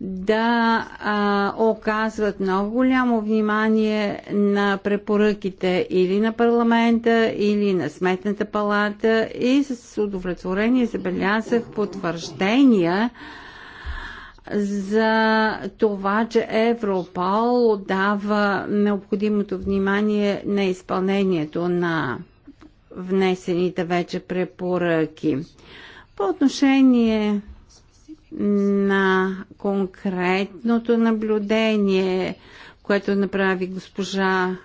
да а, оказват много голямо внимание на препоръките или на парламента, или на сметната палата и с удовлетворение забелязах потвърждения за това, че Европол отдава необходимото внимание на изпълнението на внесените вече препоръки. По отношение на конкретното наблюдение, което направи госпожа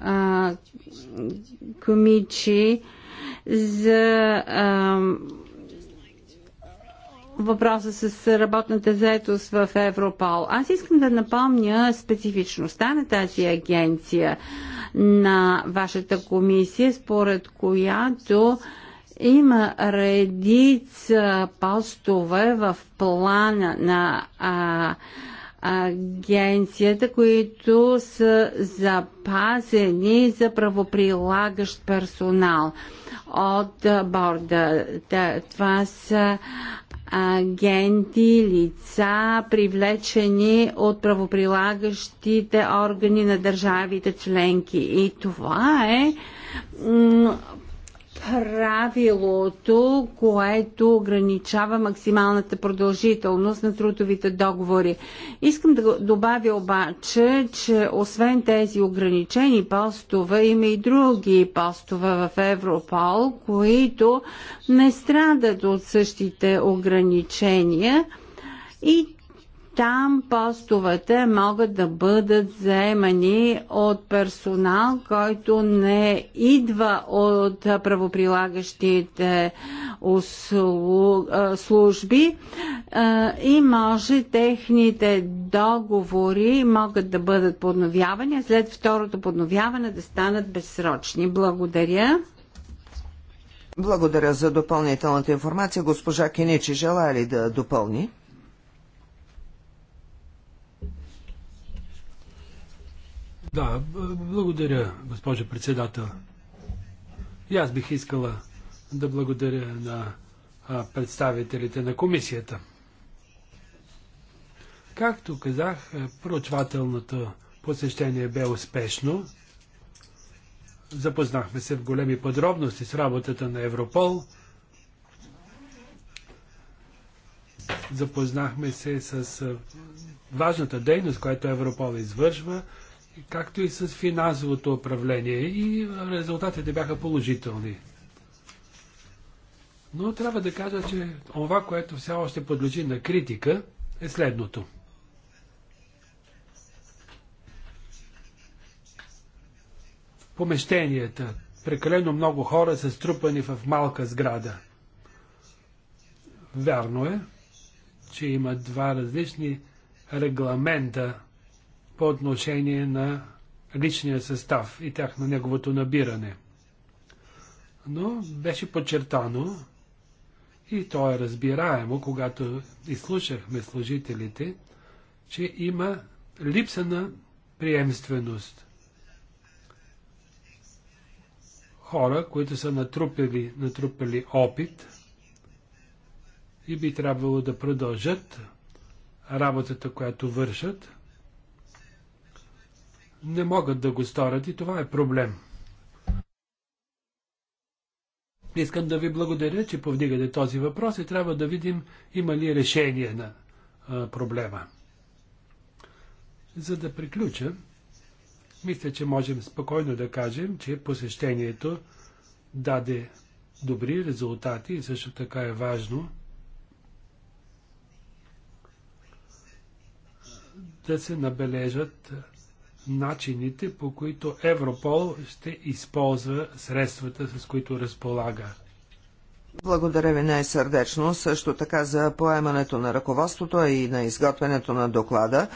а, Комичи за а, въпроса с работната заетост в Европол. Аз искам да напомня специфичността на тази агенция. А, на вашата комисия, според която има редица постове в плана на а, агенцията, които са запазени за правоприлагащ персонал от борда. Това са агенти, лица, привлечени от правоприлагащите органи на държавите членки. И това е правилото, което ограничава максималната продължителност на трудовите договори. Искам да добавя обаче, че освен тези ограничени постове, има и други постове в Европол, които не страдат от същите ограничения. И там постовете могат да бъдат заемани от персонал, който не идва от правоприлагащите служби и може техните договори могат да бъдат подновявани, а след второто подновяване да станат безсрочни. Благодаря. Благодаря за допълнителната информация. Госпожа Кенечи, желая ли да допълни? Да, благодаря, госпожо председател. И аз бих искала да благодаря на представителите на комисията. Както казах, е, проучвателното посещение бе успешно. Запознахме се в големи подробности с работата на Европол. Запознахме се с е, важната дейност, която Европол извършва както и с финансовото управление. И резултатите бяха положителни. Но трябва да кажа, че това, което все още подлежи на критика, е следното. Помещенията. Прекалено много хора са струпани в малка сграда. Вярно е, че има два различни регламента по отношение на личния състав и тях на неговото набиране. Но беше подчертано, и то е разбираемо, когато изслушахме служителите, че има липса на приемственост. Хора, които са натрупили, натрупали опит и би трябвало да продължат работата, която вършат – не могат да го сторят и това е проблем. Искам да ви благодаря, че повдигате този въпрос и трябва да видим има ли решение на проблема. За да приключа, мисля, че можем спокойно да кажем, че посещението даде добри резултати и също така е важно да се набележат начините, по които Европол ще използва средствата, с които разполага. Благодаря ви най-сърдечно също така за поемането на ръководството и на изготвянето на доклада.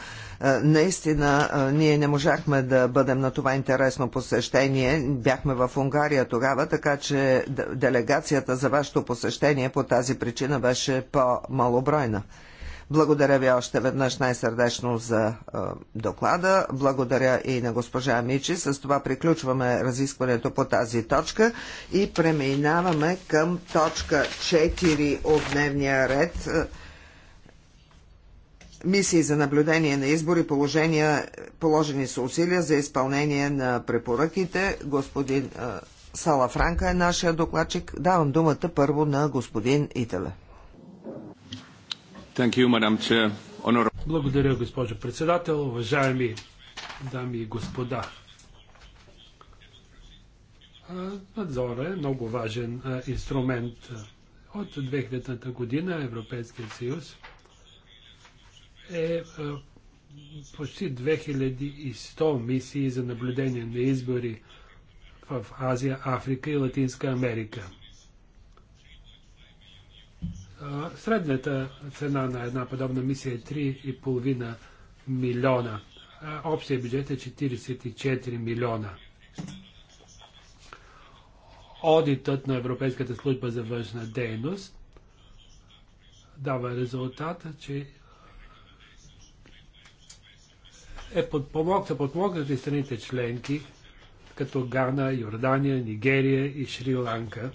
Е, наистина, е, ние не можахме да бъдем на това интересно посещение. Бяхме в Унгария тогава, така че делегацията за вашето посещение по тази причина беше по-малобройна. Благодаря ви още веднъж най-сърдечно за е, доклада. Благодаря и на госпожа Мичи. С това приключваме разискването по тази точка и преминаваме към точка 4 от дневния ред е, мисии за наблюдение на избори, положения, положени са усилия за изпълнение на препоръките. Господин е, Сала Франка е нашия докладчик. Давам думата първо на господин Ителе. Благодаря, госпожо председател, уважаеми дами и господа. Надзор е много важен инструмент. От 2000-та година Европейския съюз е почти 2100 мисии за наблюдение на избори в Азия, Африка и Латинска Америка. Средната цена на една подобна мисия е 3,5 милиона. Общия бюджет е 44 милиона. Одитът на Европейската служба за външна дейност дава резултата, че е подпомог, са подпомогнати страните членки, като Гана, Йордания, Нигерия и Шри-Ланка.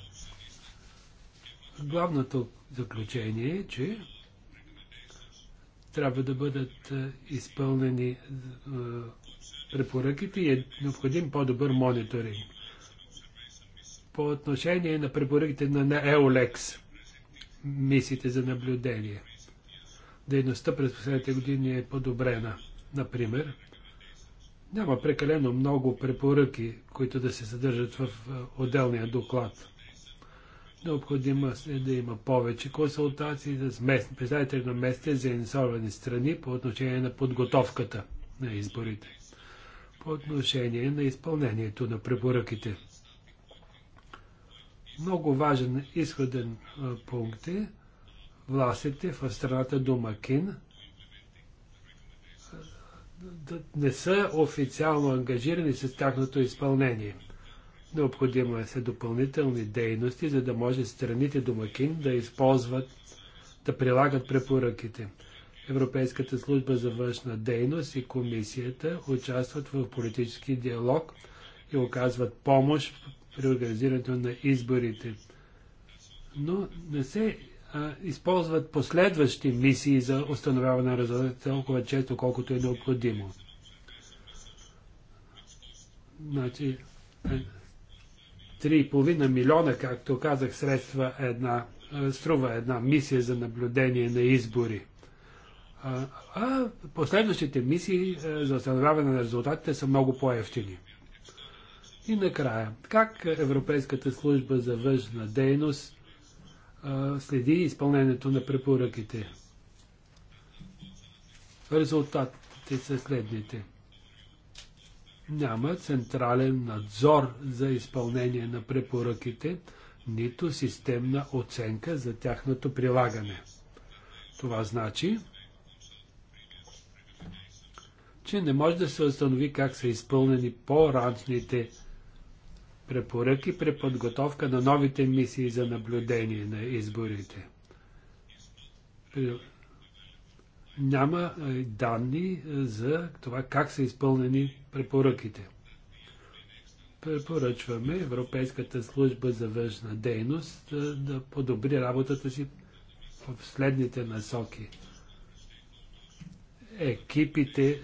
Главното заключение, че трябва да бъдат е, изпълнени е, препоръките и е необходим по-добър мониторинг. По отношение на препоръките на EOLEX, мисиите за наблюдение, дейността през последните години е подобрена. Например, няма прекалено много препоръки, които да се съдържат в е, отделния доклад. Необходимо е да има повече консултации с местни, представители на местните заинтересовани страни по отношение на подготовката на изборите, по отношение на изпълнението на препоръките. Много важен изходен пункт е властите в страната Домакин не са официално ангажирани с тяхното изпълнение – Необходимо е се допълнителни дейности, за да може страните домакин да използват, да прилагат препоръките. Европейската служба за външна дейност и комисията участват в политически диалог и оказват помощ при организирането на изборите. Но не се а, използват последващи мисии за установяване на резултата толкова често, колкото е необходимо. Значи, 3,5 милиона, както казах, средства една, е, струва една мисия за наблюдение на избори. А, последващите мисии е, за установяване на резултатите са много по-ефтини. И накрая, как Европейската служба за външна дейност е, следи изпълнението на препоръките? Резултатите са следните – няма централен надзор за изпълнение на препоръките, нито системна оценка за тяхното прилагане. Това значи, че не може да се установи как са изпълнени по-ранчните препоръки при подготовка на новите мисии за наблюдение на изборите. Няма е, данни е, за това как са изпълнени препоръките. Препоръчваме Европейската служба за външна дейност да, да подобри работата си в следните насоки. Екипите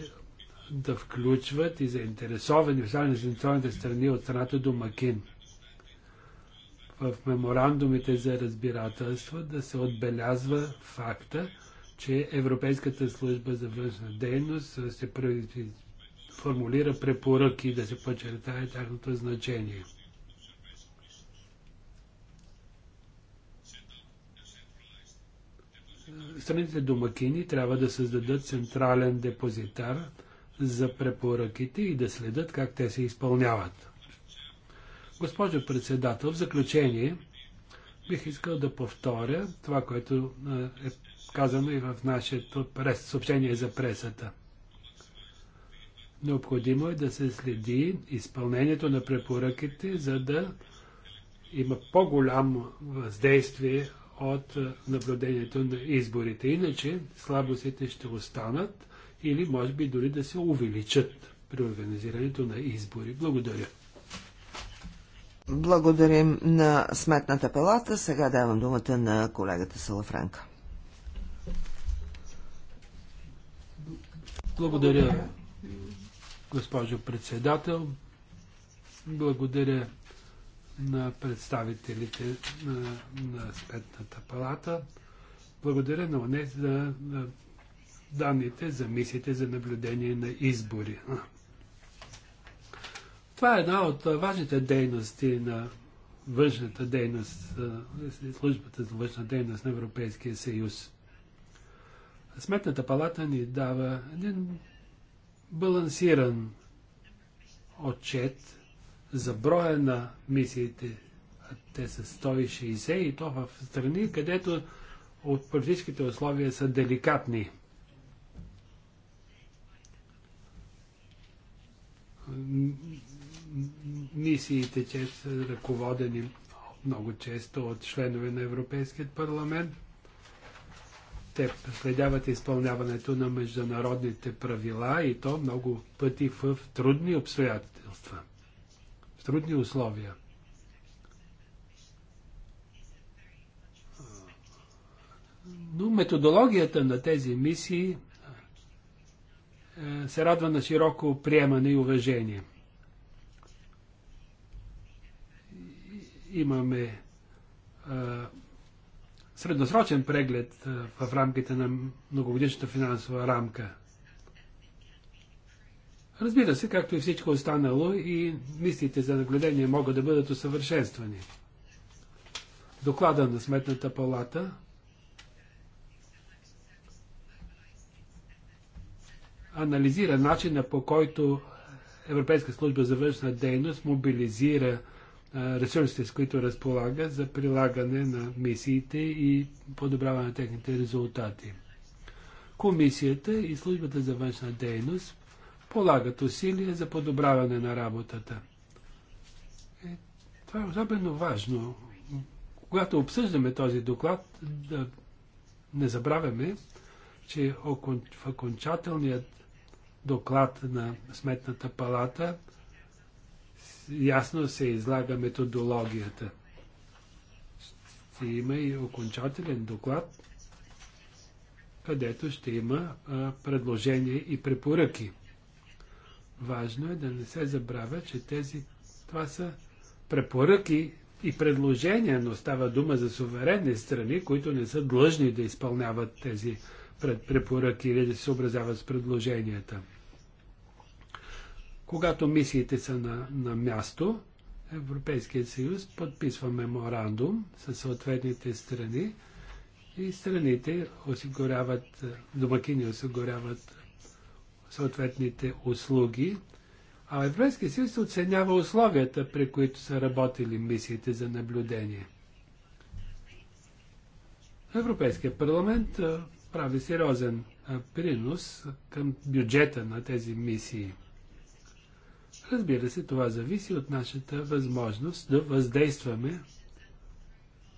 да включват и заинтересовани, в заинтересованите страни от страната Домакин. В меморандумите за разбирателство да се отбелязва факта, че Европейската служба за външна дейност се формулира препоръки, да се подчертае тяхното значение. Страните домакини трябва да създадат централен депозитар за препоръките и да следят как те се изпълняват. Госпожо председател, в заключение бих искал да повторя това, което е казано и в нашето съобщение за пресата – Необходимо е да се следи изпълнението на препоръките, за да има по-голямо въздействие от наблюдението на изборите. Иначе слабостите ще останат или може би дори да се увеличат при организирането на избори. Благодаря. Благодарим на Сметната палата. Сега давам думата на колегата Салафранка. Благодаря госпожо председател. Благодаря на представителите на, на Сметната палата. Благодаря на ОНЕ за на данните за мисиите за наблюдение на избори. Това е една от важните дейности на външната дейност, е, службата за външна дейност на Европейския съюз. Сметната палата ни дава един балансиран отчет за броя на мисиите. Те са 160 и то в страни, където от политическите условия са деликатни. Мисиите че са ръководени много често от членове на Европейският парламент – те следяват изпълняването на международните правила и то много пъти в трудни обстоятелства, в трудни условия. Но методологията на тези мисии е, се радва на широко приемане и уважение. Имаме е, средносрочен преглед в рамките на многогодишната финансова рамка. Разбира се, както и всичко останало, и мислите за наблюдение могат да бъдат усъвършенствани. Доклада на Сметната палата анализира начина по който Европейска служба за външна дейност мобилизира ресурсите, с които разполага за прилагане на мисиите и подобряване на техните резултати. Комисията и службата за външна дейност полагат усилия за подобряване на работата. Е, това е особено важно. Когато обсъждаме този доклад, да не забравяме, че в окончателният доклад на Сметната палата – ясно се излага методологията. Ще има и окончателен доклад, където ще има а, предложения и препоръки. Важно е да не се забравя, че тези това са препоръки и предложения, но става дума за суверенни страни, които не са длъжни да изпълняват тези препоръки или да се съобразяват с предложенията. Когато мисиите са на, на място, Европейският съюз подписва меморандум със съответните страни и страните осигуряват, домакини осигуряват съответните услуги, а Европейският съюз оценява условията, при които са работили мисиите за наблюдение. Европейския парламент прави сериозен принос към бюджета на тези мисии – Разбира се, това зависи от нашата възможност да въздействаме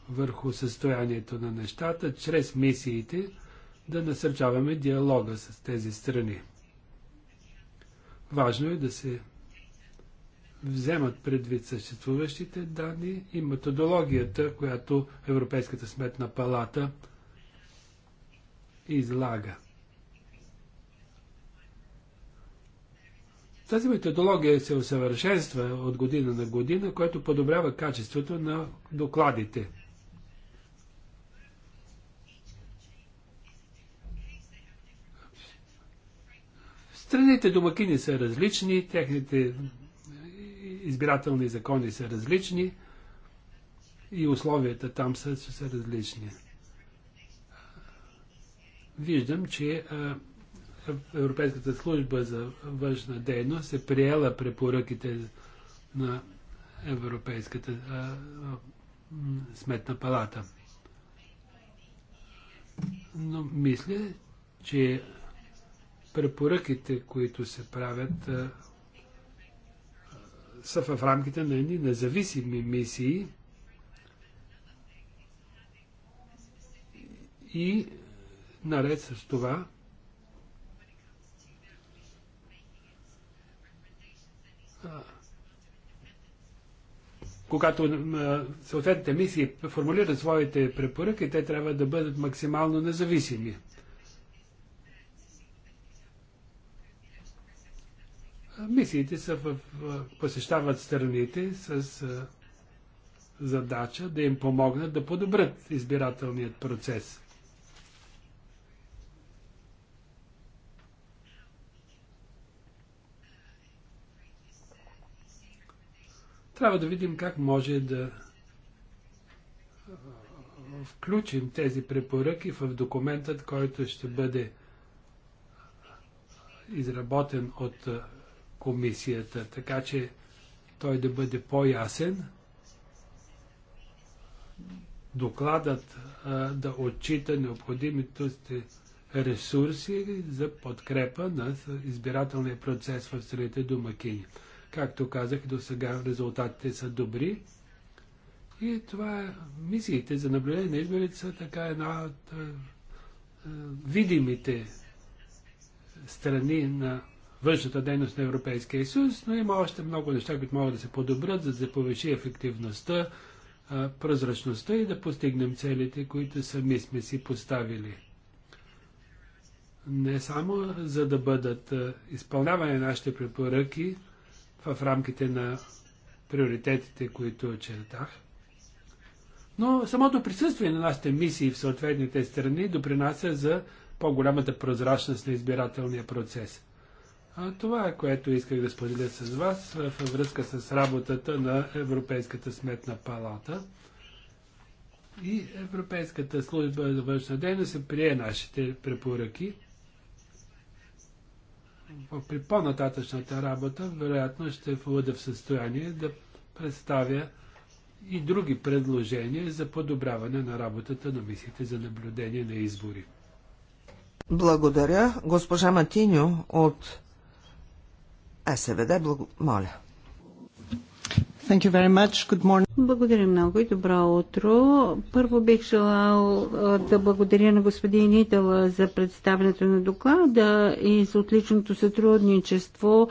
върху състоянието на нещата, чрез мисиите да насърчаваме диалога с тези страни. Важно е да се вземат предвид съществуващите данни и методологията, която Европейската сметна палата излага. Тази методология се усъвършенства от година на година, което подобрява качеството на докладите. Страните домакини са различни, техните избирателни закони са различни и условията там са, са различни. Виждам, че а, Европейската служба за външна дейност е приела препоръките на Европейската сметна палата. Но мисля, че препоръките, които се правят, са в рамките на едни независими мисии и наред с това когато съответните мисии формулират своите препоръки, те трябва да бъдат максимално независими. Мисиите са в, посещават страните с задача да им помогнат да подобрят избирателният процес. Трябва да видим как може да включим тези препоръки в документът, който ще бъде изработен от комисията, така че той да бъде по-ясен, докладът а, да отчита необходимите ресурси за подкрепа на избирателния процес в страните домакини. Както казах, до сега резултатите са добри. И това е мислите за наблюдение на изборите са така една от е, е, видимите страни на външната дейност на Европейския съюз, но има още много неща, които могат да се подобрят, за да се повиши ефективността, е, прозрачността и да постигнем целите, които сами сме си поставили. Не само за да бъдат е, изпълнявани нашите препоръки, в рамките на приоритетите, които очертах. Но самото присъствие на нашите мисии в съответните страни допринася за по-голямата прозрачност на избирателния процес. А това е което исках да споделя с вас във връзка с работата на Европейската сметна палата. И Европейската служба за външна дейност се прие нашите препоръки при по-нататъчната работа, вероятно ще бъда в състояние да представя и други предложения за подобряване на работата на мисиите за наблюдение на избори. Благодаря. Госпожа Матиньо от СВД, благо... моля. Thank you very much. Good morning. Благодаря много и добро утро. Първо бих желал да благодаря на господин Итала за представенето на доклада и за отличното сътрудничество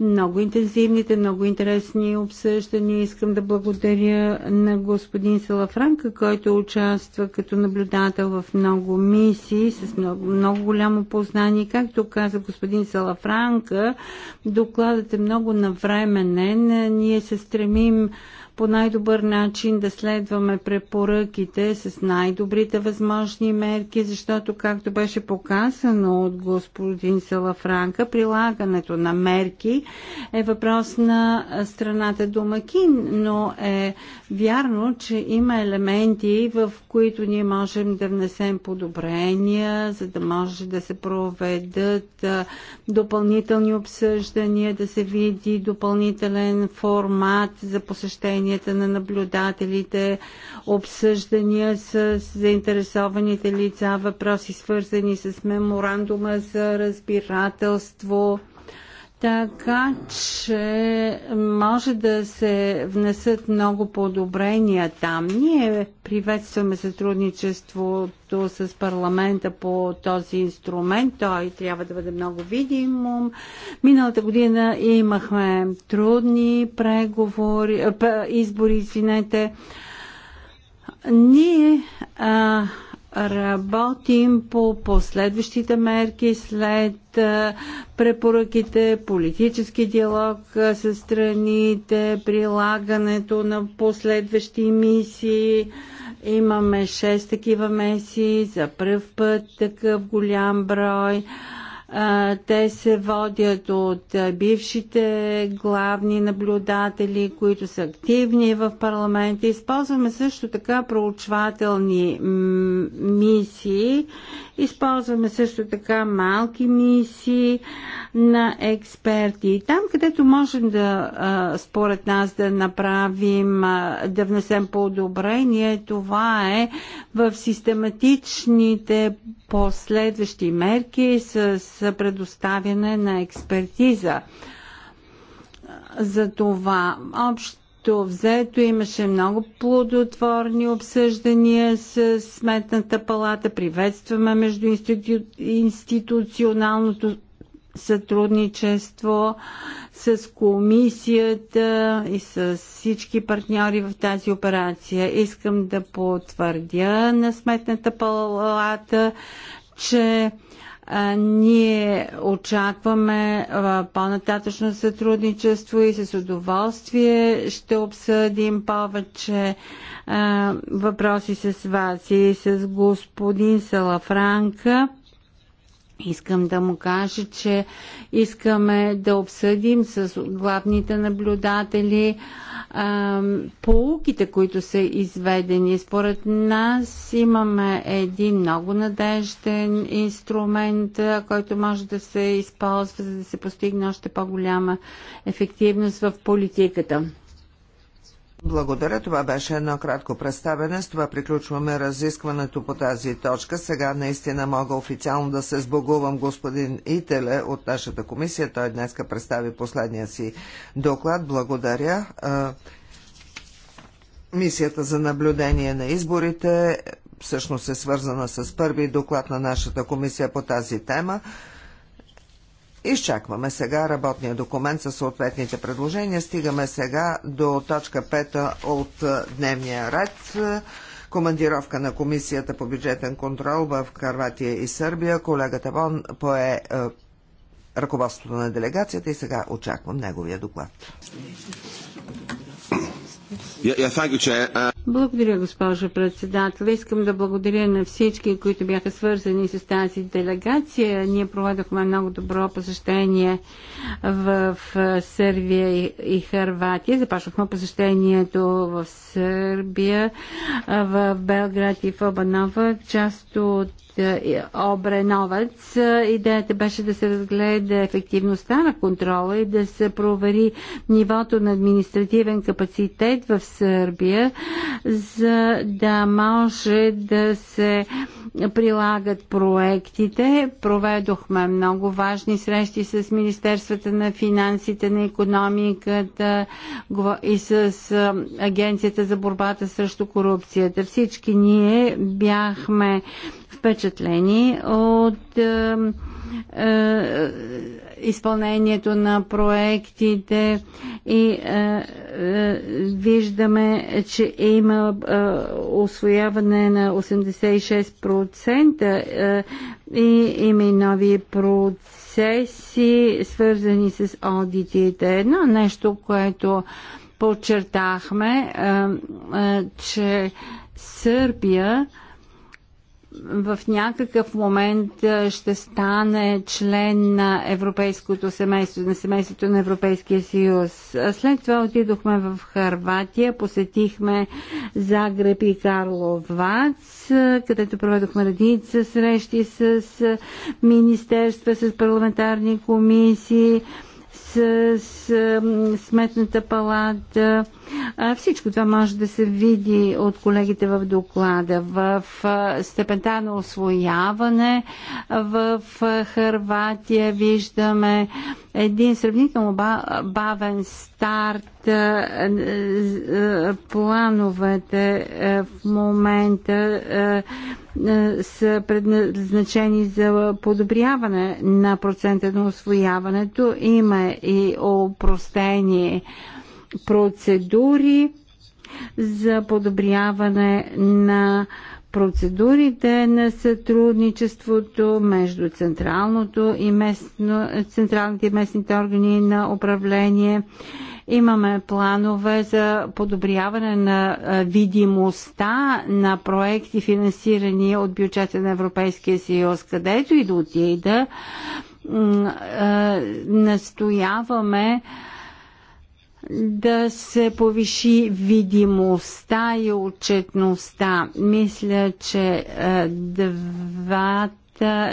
много интензивните, много интересни обсъждания. Искам да благодаря на господин Салафранка, който участва като наблюдател в много мисии с много, много голямо познание. Както каза господин Салафранка, докладът е много навременен. Ние се стремим по най-добър начин да следваме препоръките с най-добрите възможни мерки, защото, както беше показано от господин Салафранка, прилагането на мерки е въпрос на страната домакин, но е вярно, че има елементи, в които ние можем да внесем подобрения, за да може да се проведат допълнителни обсъждания, да се види допълнителен формат за посещение изказванията на наблюдателите, обсъждания с заинтересованите лица, въпроси свързани с меморандума за разбирателство така че може да се внесат много подобрения там. Ние приветстваме сътрудничеството с парламента по този инструмент. Той трябва да бъде много видим. Миналата година имахме трудни преговори, избори, извинете. Ние а, работим по последващите мерки след препоръките, политически диалог с страните, прилагането на последващи мисии. Имаме 6 такива месии, за първ път такъв голям брой. Те се водят от бившите главни наблюдатели, които са активни в парламента. Използваме също така проучвателни мисии. Използваме също така малки мисии на експерти. там, където можем да, според нас, да направим, да внесем по по-добрение, това е в систематичните последващи мерки с предоставяне на експертиза. За това общо взето имаше много плодотворни обсъждания с Сметната палата. Приветстваме между институ... институционалното сътрудничество с комисията и с всички партньори в тази операция. Искам да потвърдя на Сметната палата, че ние очакваме по-нататъчно сътрудничество и с удоволствие ще обсъдим повече въпроси с вас и с господин Салафранка. Искам да му кажа, че искаме да обсъдим с главните наблюдатели а, полуките, които са изведени. Според нас имаме един много надежден инструмент, който може да се използва, за да се постигне още по-голяма ефективност в политиката. Благодаря. Това беше едно кратко представене. С това приключваме разискването по тази точка. Сега наистина мога официално да се сбогувам господин Ителе от нашата комисия. Той днеска представи последния си доклад. Благодаря. Мисията за наблюдение на изборите всъщност е свързана с първи доклад на нашата комисия по тази тема. Изчакваме сега работния документ със съответните предложения. Стигаме сега до точка 5 от е, дневния ред. Командировка на Комисията по бюджетен контрол в Харватия и Сърбия. Колегата Вон пое е, ръководството на делегацията и сега очаквам неговия доклад. Uh, благодаря, госпожо председател. Искам да благодаря на всички, които бяха свързани с тази делегация. Ние проведохме много добро посещение в Сърбия и Харватия. Започнахме посещението в Сърбия, в Белград и в Обанова. Част от е, е, Обреновец. Идеята беше да се разгледа ефективността на контрола и да се провери нивото на административен капацитет бюджет в Сърбия, за да може да се прилагат проектите. Проведохме много важни срещи с Министерствата на финансите, на економиката и с Агенцията за борбата срещу корупцията. Всички ние бяхме впечатлени от изпълнението на проектите и е, е, виждаме, че има е, освояване на 86% е, и има и нови процеси, свързани с аудитите. Едно нещо, което подчертахме, е, е, че Сърбия в някакъв момент ще стане член на европейското семейство, на семейството на Европейския съюз. След това отидохме в Харватия, посетихме Загреб и Карловац, където проведохме редица срещи с министерства, с парламентарни комисии, с, с Сметната палата всичко това може да се види от колегите в доклада, в степента на освояване в Харватия виждаме един сравнително бавен старт. Плановете в момента са предназначени за подобряване на процента на освояването. Има и опростение процедури за подобряване на процедурите на сътрудничеството между централното и местно, централните и местните органи на управление. Имаме планове за подобряване на видимостта на проекти, финансирани от бюджета на Европейския съюз, където и да отида. Настояваме да се повиши видимостта и отчетността. Мисля, че е, двата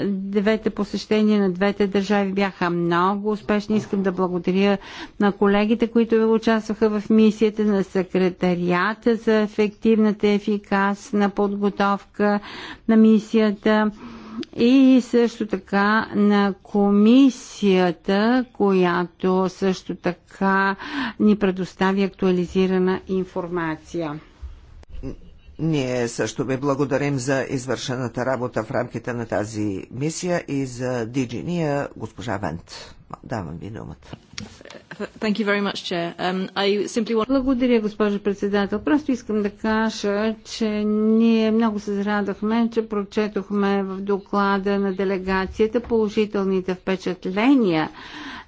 двете посещения на двете държави бяха много успешни. Искам да благодаря на колегите, които участваха в мисията, на секретарията за ефективната и ефикасна подготовка на мисията и също така на комисията, която също така ни предостави актуализирана информация. Ние също ви благодарим за извършената работа в рамките на тази мисия и за Диджиния, госпожа Вент. Давам ви думата. Um, Благодаря, госпожо председател. Просто искам да кажа, че ние много се зарадахме, че прочетохме в доклада на делегацията положителните впечатления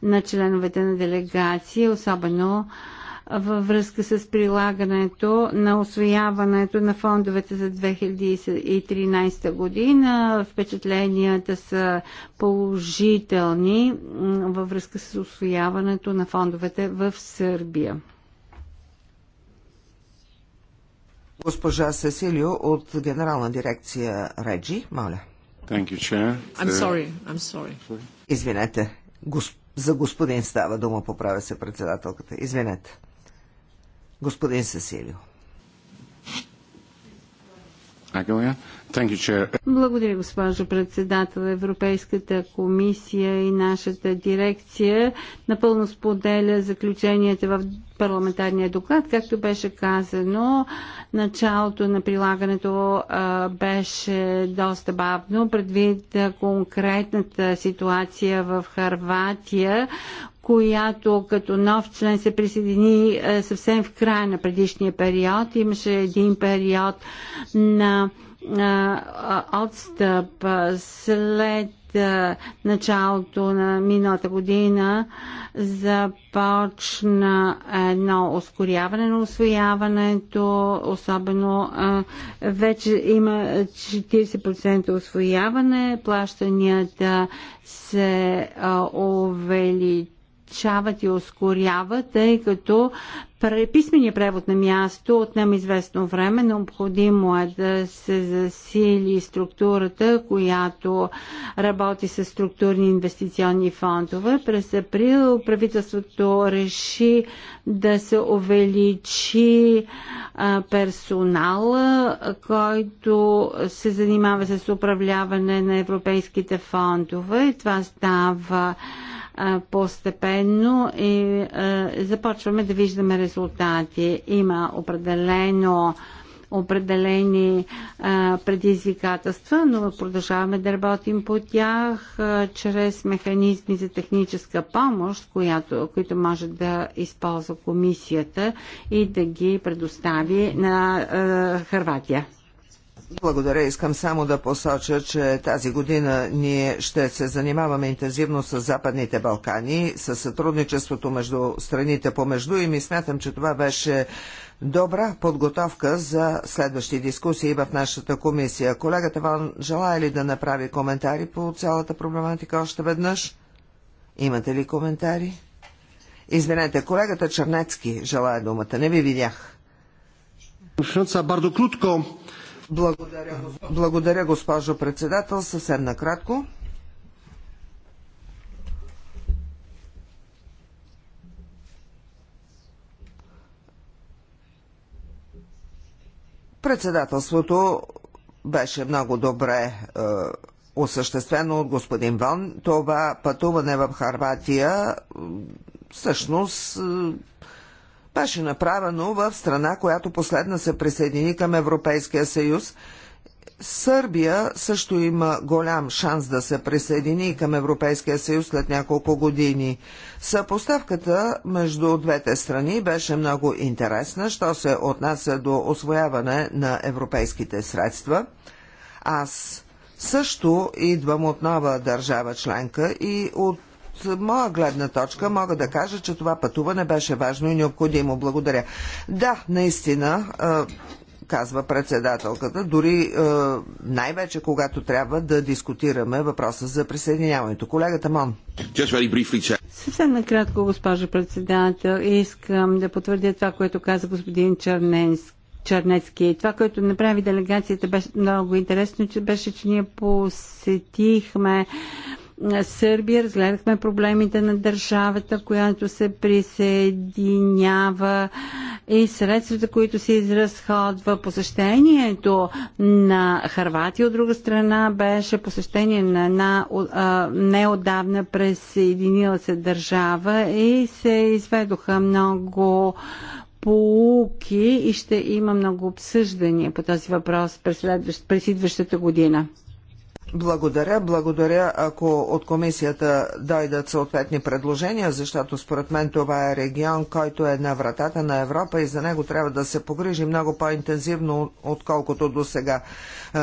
на членовете на делегация, особено uh, във връзка с прилагането на освояването на фондовете за 2013 година. Впечатленията са положителни във връзка с освояването на фондовете в Сърбия. Госпожа Сесилио от Генерална дирекция Реджи, моля. Thank you, Chair. I'm sorry. I'm sorry. Извинете. За господин става дума, поправя се председателката. Извинете господин Сесилио. Благодаря, госпожо председател. Европейската комисия и нашата дирекция напълно споделя заключенията в парламентарния доклад. Както беше казано, началото на прилагането а, беше доста бавно, предвид конкретната ситуация в Харватия, която като нов член се присъедини е, съвсем в края на предишния период. Имаше един период на е, отстъп след е, началото на миналата година започна едно ускоряване на освояването, особено вече има 40% освояване, плащанията се увеличават облекчават и ускоряват, тъй като писменият превод на място отнема известно време. Необходимо е да се засили структурата, която работи с структурни инвестиционни фондове. През април правителството реши да се увеличи персонала, който се занимава с управляване на европейските фондове. Това става постепенно и започваме да виждаме резултати. Има определено определени а, предизвикателства, но продължаваме да работим по тях а, чрез механизми за техническа помощ, която, които може да използва комисията и да ги предостави на а, Харватия. Благодаря. Искам само да посоча, че тази година ние ще се занимаваме интензивно с Западните Балкани, с сътрудничеството между страните помежду и ми смятам, че това беше добра подготовка за следващи дискусии в нашата комисия. Колегата Ван желая ли да направи коментари по цялата проблематика още веднъж? Имате ли коментари? Извинете, колегата Чернецки желая думата. Не ви видях. бардо крутко. Благодаря, благодаря госпожо председател. Съвсем накратко. Председателството беше много добре е, осъществено от господин Вон. Това пътуване в Харватия всъщност е, беше направено в страна, която последна се присъедини към Европейския съюз. Сърбия също има голям шанс да се присъедини към Европейския съюз след няколко години. Съпоставката между двете страни беше много интересна, що се отнася до освояване на европейските средства. Аз също идвам от нова държава членка и от от моя гледна точка мога да кажа, че това пътуване беше важно и необходимо. Благодаря. Да, наистина казва председателката, дори е, най-вече когато трябва да дискутираме въпроса за присъединяването. Колегата Мон. Съвсем накратко, госпожо председател, искам да потвърдя това, което каза господин Черненски. Чернецки. Това, което направи делегацията, беше много интересно, че беше, че ние посетихме Сърбия, разгледахме проблемите на държавата, която се присъединява и средствата, които се изразходва. Посещението на Харватия от друга страна беше посещение на една неодавна присъединила се държава и се изведоха много полуки и ще има много обсъждания по този въпрос през, през идващата година. Благодаря, благодаря, ако от комисията дойдат съответни предложения, защото според мен това е регион, който е на вратата на Европа и за него трябва да се погрижи много по-интензивно, отколкото до сега. Е,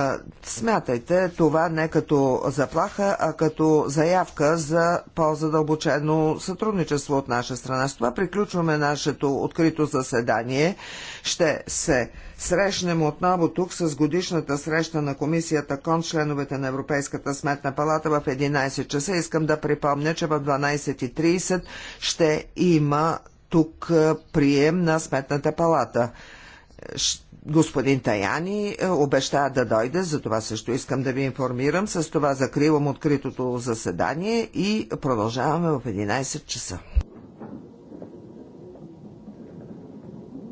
смятайте това не като заплаха, а като заявка за по-задълбочено сътрудничество от наша страна. С това приключваме нашето открито заседание. Ще се срещнем отново тук с годишната среща на комисията КОН, членовете на Европейската сметна палата в 11 часа. Искам да припомня, че в 12.30 ще има тук прием на сметната палата. Господин Таяни обеща да дойде, за това също искам да ви информирам. С това закривам откритото заседание и продължаваме в 11 часа.